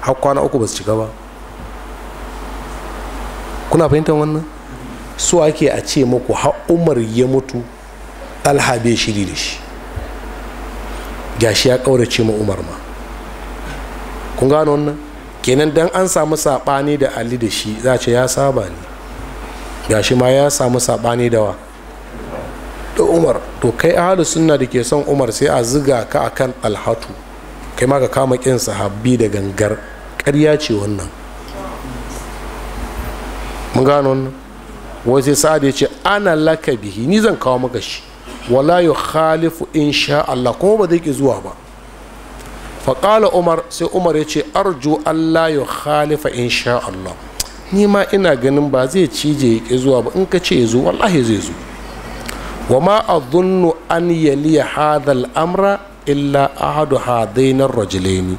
S1: har kwana uku ba su cika ba kuna fahimtar wannan su ake a ce muku har umar ya mutu talha bai shiri da shi gashi ya kaurace ma umar ma kun gano wannan kenan dan an samu saɓani da ali da shi za ce ya saba ne gashi ma ya samu saɓani da wa da umar to kai ahalu sunna da ke son umar sai a ziga ka akan alhatu kai ma ka kama kin sahabbi da gangar ƙarya ce wannan mun gano wannan wai sai sa'ad ya ce ana laka bihi ni zan kawo maka shi wala yi khalifu insha Allah kuma ba zai ki zuwa ba faƙala umar sai umar ya ce arju Allah yi khalifa insha Allah ni ma ina ganin ba zai cije ya ki zuwa ba in ka ce ya zo wallahi zai zo wa ma a zunnu an yaliya hadal amra illa ahadu hadain ar-rajulaini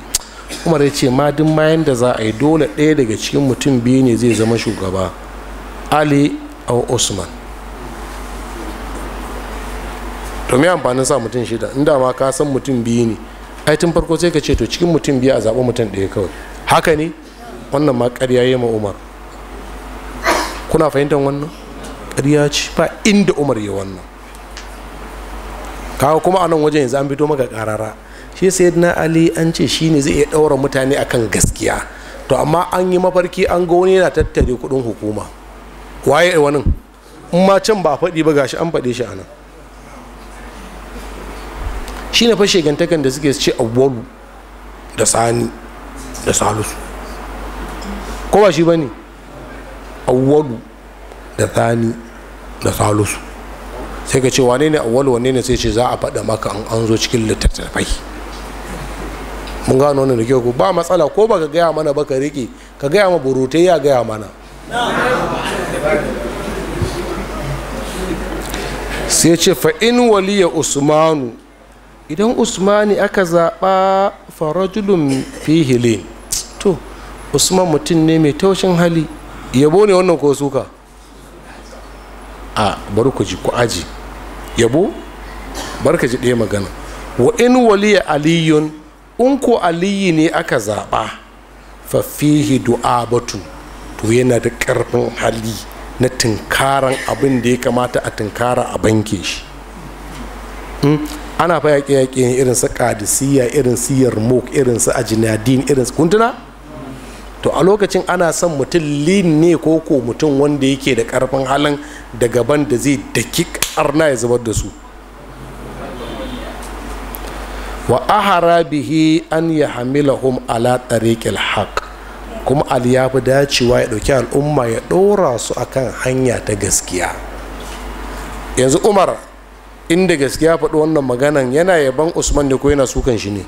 S1: umar ya ce ma duk mayan da za a yi dole ɗaya daga cikin mutum biyu ne zai zama shugaba ali au usman to me amfanin sa mutum shida in da ma ka san mutum biyu ne ai tun farko sai ka ce to cikin mutum biyu a zaɓi mutum ɗaya kawai haka ne wannan ma ƙarya ya ma umar kuna fahimtar wannan ƙarya ce ba inda umar ya wannan kawo kuma a nan wajen yanzu an fito maka ƙarara shi sai na ali an ce shi ne zai iya ɗaura mutane akan gaskiya to amma an yi mafarki an ga wani yana tattare kuɗin hukuma waye wani in ma can ba faɗi ba gashi an faɗe shi a nan shine fa shegantakan da suke ce awwalu da sani da salisu ko ba shi ba ne awwalu da sani da salisu sai ka ce wane ne awwalu wane ne sai ce za a faɗa maka an an zo cikin littattafai mun gano wannan da kyau ko ba matsala ko ba ka gaya mana ba ka rike ka gaya ma burutai ya gaya mana sai ce fa in waliya usmanu idan usmani aka zaɓa farajulun fihile to usman mutum ne mai taushin hali yabo ne wannan ko suka a bari ku ji ku aji yabo barka ji ɗaya magana wa in waliya aliyun in ko aliyu ne aka zaɓa fafihi batu to yana da ƙarfin hali na tunkaran abin da ya kamata a tunkara a banke shi hmm? ana fa yaƙe yaƙe irin su ƙadisiya irin su yarmouk irin su ajinadin irin su kuntuna to a lokacin ana son mutum lin ne ko ko mutum wanda yake da karfin halin da gaban da zai daki arna ya zubar da su wa ahara bihi an ya hamilahum ala tariqil haq kuma al ya dacewa ya ɗauki al'umma ya ɗora su akan hanya ta gaskiya yanzu umar inda gaskiya faɗi wannan maganan yana yaban usman ne ko yana sukan shi ne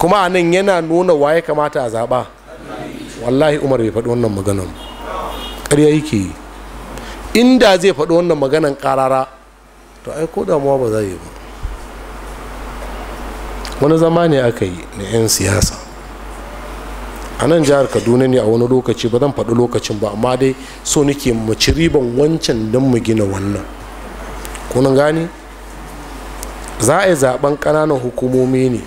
S1: kuma a nan yana nuna waye kamata a zaɓa wallahi umar bai faɗi wannan maganan ƙarya yake yi inda zai faɗi wannan maganan ƙarara to ai ko damuwa ba za yi ba wani zama ne aka yi na 'yan siyasa a nan jihar kaduna ne a wani lokaci ba zan faɗi lokacin ba amma dai so nake maci riban wancan don mu gina wannan kunan gani za a yi zaben ƙananan hukumomi ne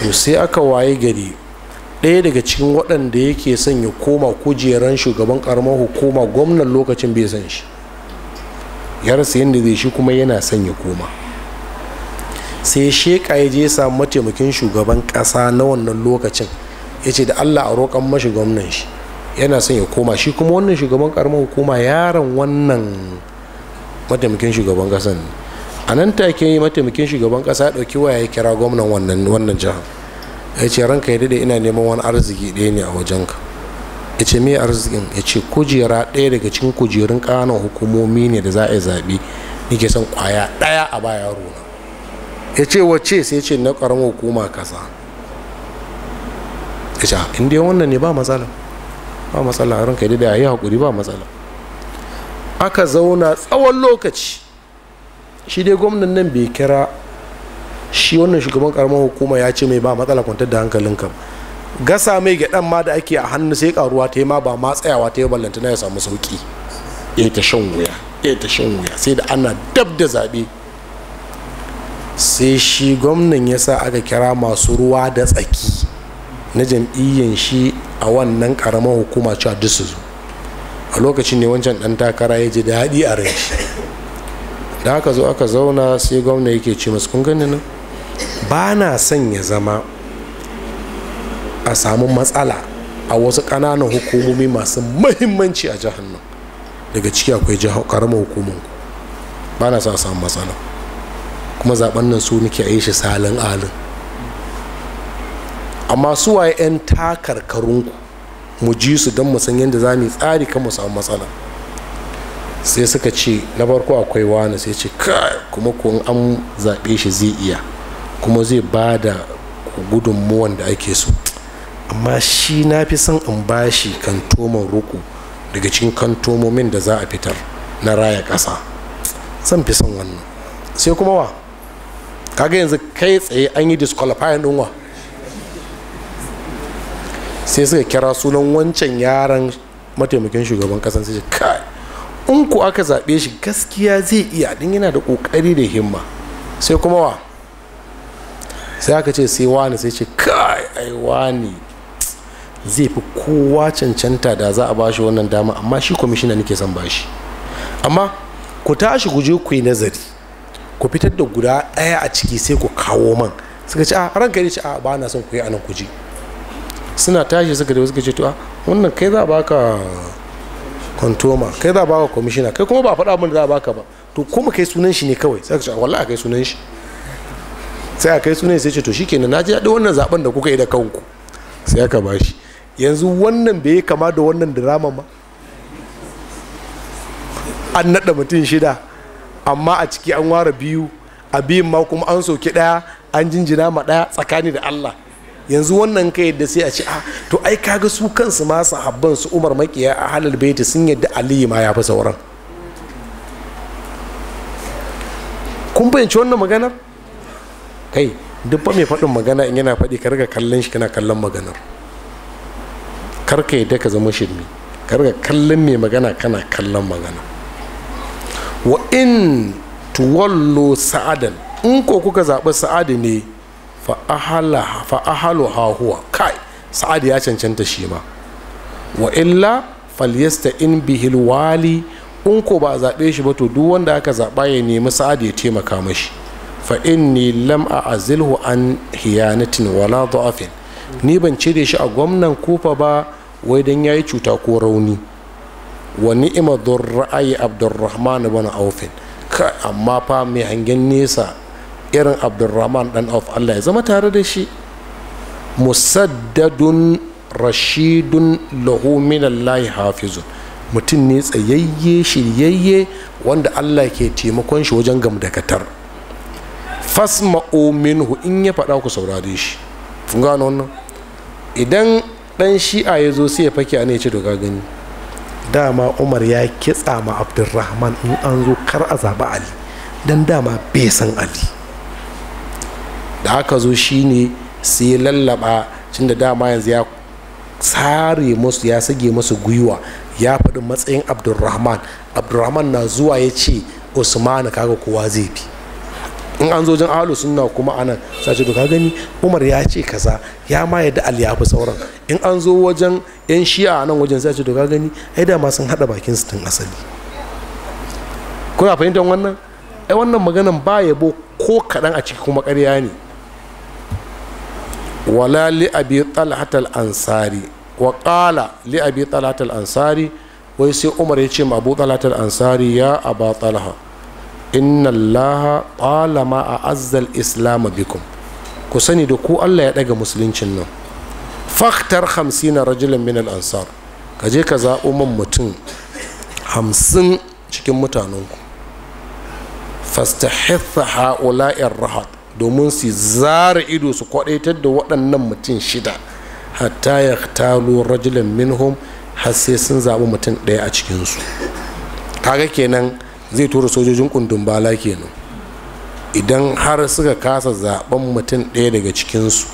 S1: to sai aka waye gari ɗaya daga cikin waɗanda yake son ya koma kujeran shugaban ƙaramar hukuma gwamnan lokacin bai san shi ya rasa yadda zai shi kuma yana son ya koma sai sheka ya je samu mataimakin shugaban ƙasa na wannan lokacin ya ce da allah a roƙon mashi gwamnan shi yana son ya koma shi kuma wannan shugaban ƙaramar hukuma yaron wannan mataimakin shugaban ƙasan ne a nan take yi mataimakin shugaban kasa ɗauki waya ya kira gwamnan wannan wannan jihar ya ce ranka ya daɗe ina neman wani arziki ɗaya ne a wajenka ya ce me arzikin ya ce kujera ɗaya daga cikin kujerun ƙananan hukumomi ne da za a yi zaɓe nike son kwaya ɗaya a ba yaro na ya ce wacce sai ce na ƙaramin hukuma kasa ya ce ah, in dai wannan ne ba matsala ba matsala ranka ya daɗe a yi haƙuri ba matsala aka zauna tsawon lokaci shi dai gwamnan nan bai kira shi wannan shugaban karamar hukuma ya ce mai ba matsala kwantar da hankalinka gasa mai ga ma da ake a hannu sai karuwa ta yi ma ba ma tsayawa ta yi ballanta na ya samu sauki ya ta shan wuya ya ta shan wuya sai da ana dab da zaɓe sai shi gwamnan ya sa aka kira masu ruwa da tsaki na jam'iyyan shi a wannan karamar hukuma cewa duk su zo a lokacin ne wancan ɗan takara ya ji daɗi a rai da aka zo aka zauna sai gwamna yake ce masu kun gani nan ba na son ya zama a samu matsala a wasu ƙananan hukumomi masu mahimmanci a jihar nan daga ciki akwai karamar hukumar ba na son a samu matsala kuma zaben nan su nake yi shi salin alin amma su waye 'yan takarkarunku mu ji su don musan yadda za mu yi tsari kan mu samu matsala sai suka ce na farko akwai wani sai ce kuma kun an zaɓe shi zai iya kuma zai ba da gudunmuwan da ake so amma shi na fi son in ba shi kantoman roƙo daga cikin kantomomin da za a fitar na raya ƙasa zan fi son wannan sai kuma wa kaga yanzu kai tsaye an yi disqualifying ɗin wa sai suka kira sunan wancan yaran mataimakin shugaban ƙasar sai kai in ku aka zaɓe shi gaskiya zai iya din yana da ƙoƙari da himma sai kuma wa sai aka ce sai wani sai ce kai ai wani zai fi kowa cancanta da za a ba shi wannan dama amma shi kwamishina nake son ba shi. amma ku tashi ku je ku yi nazari ku fitar da guda ɗaya a ciki sai ku kawo man suka ce a ranka ne ce a ba na son ku yi anan ku je suna tashi suka da suka ce to wannan kai za a baka kontoma kai za a ka kwamishina kai kuma ba a faɗa min da za a baka ba to kuma kai sunan shi ne kawai sai ka ce wallahi a kai sunan shi sai a kai sunan shi sai ce to shikenan na ji daɗin wannan zaben da kuka yi da kanku sai aka shi yanzu wannan bai kama da wannan drama ba an naɗa mutum shida amma a ciki an ware biyu a biyun ma kuma an soki ɗaya an jinjina ma ɗaya tsakani da allah yanzu wannan ka yadda sai a ci a ah, to ai ka ga su kansu ma sahabban su umar makiya a halal baiti sun yadda aliyu ma ya fi sauran kun fahimci wannan maganar kai duk ba mai faɗin magana in yana faɗi ka riga kallon shi kana kallon maganar kar ka yadda ka zama shirmi ka riga kallon mai magana kana kallon magana wa in tuwallo sa'adan in ko kuka zaɓi sa'adu ne fa'ahalu hahuwa kai sa'ad ya cancanta shi ma wa illa falyasta in bihil wali in ko ba a zaɓe shi ba to duk wanda aka zaɓa ya nemi sa'ad ya taimaka mashi fa inni lam a azilhu an hiyanatin wala zuwafin ni ban cire shi a gwamnan kofa ba wai dan yayi cuta ko rauni wa ni'ima ra'ayi abdurrahman bin aufin amma fa mai hangen nesa irin abdulrahman dan of allah ya zama tare da shi musaddadun rashidun lahu minallahi hafizun mutum ne tsayayye shiryayye wanda allah ke taimakon shi wajen gam gamdakatar fasma minhu in ya faɗa ku saurare shi kun gano wannan idan dan shi'a ya zo sai ya fake ana ya ce doka gani dama umar ya kitsa ma abdulrahman in an zo kar a zaɓi ali dan dama bai san ali da aka zo shine sai ya lallaba cin da dama yanzu ya tsare musu ya sage musu gwiwa ya faɗi matsayin abdulrahman abdulrahman na zuwa ya ce Usman kaga kowa zai fi. in an zo alu suna kuma anan sace to ka gani umar ya ce kaza ya ma yadda ali sauran in an zo wajen yan shi'a nan wajen sace to ka gani ai da ma sun hada bakin su tun asali kuna fahimtar wannan ai wannan maganan ba yabo ko kaɗan a ciki kuma karya ne wala li abi talhatal ansari wa qala li abi ansari wai sai umar ya ce ma abu talhatal ansari ya aba talha inna allaha talama a azzal islam bikum ku sani da ku allah ya ɗaga musuluncin nan faktar hamsina rajulan min al ansar ka je ka zaɓo man mutum hamsin cikin mutanenku fastahitha ha'ula'in rahat domin su zara ido su kwadaitar da waɗannan mutum shida hatta ya talo rajulan minhum har sai sun zaɓi mutum ɗaya a cikinsu kaga kenan zai tura sojojin kundin bala kenan idan har suka kasa zaɓen mutum ɗaya daga cikinsu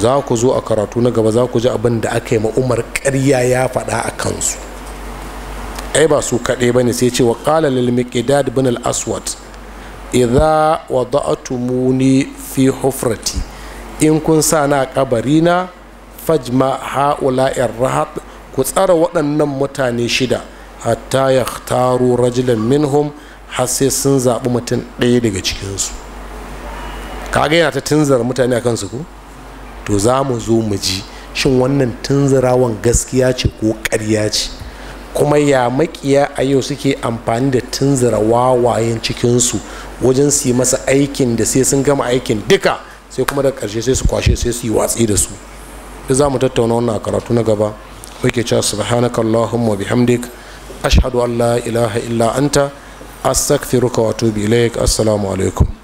S1: za ku zo a karatu na gaba za ku ji abin da aka yi umar karya ya faɗa a kansu ai ba su kaɗai ba ne sai ce wa ƙalalil miƙidad bin al-aswad idha wada'tumuni fi hufrati in kun sa na kabarina fajma haula rahab ku tsara waɗannan mutane shida hatta ya taru rajulan minhum har sai sun zaɓi mutum ɗaya daga cikinsu kaga yana ta tunzara mutane a kansu ku to za mu zo mu ji shin wannan tunzirawan gaskiya ce ko ƙarya ce kuma ya makiya a yau suke amfani da tunzira wawayen cikinsu wajen su yi masa aikin da sai sun gama aikin duka sai kuma da ƙarshe sai su kwashe sai su yi watsi da su da za mu tattauna wannan karatu na gaba wake cewa subhanaka allahumma bihamdik ashhadu an la ilaha illa anta astaghfiruka wa atubu ilaik assalamu alaikum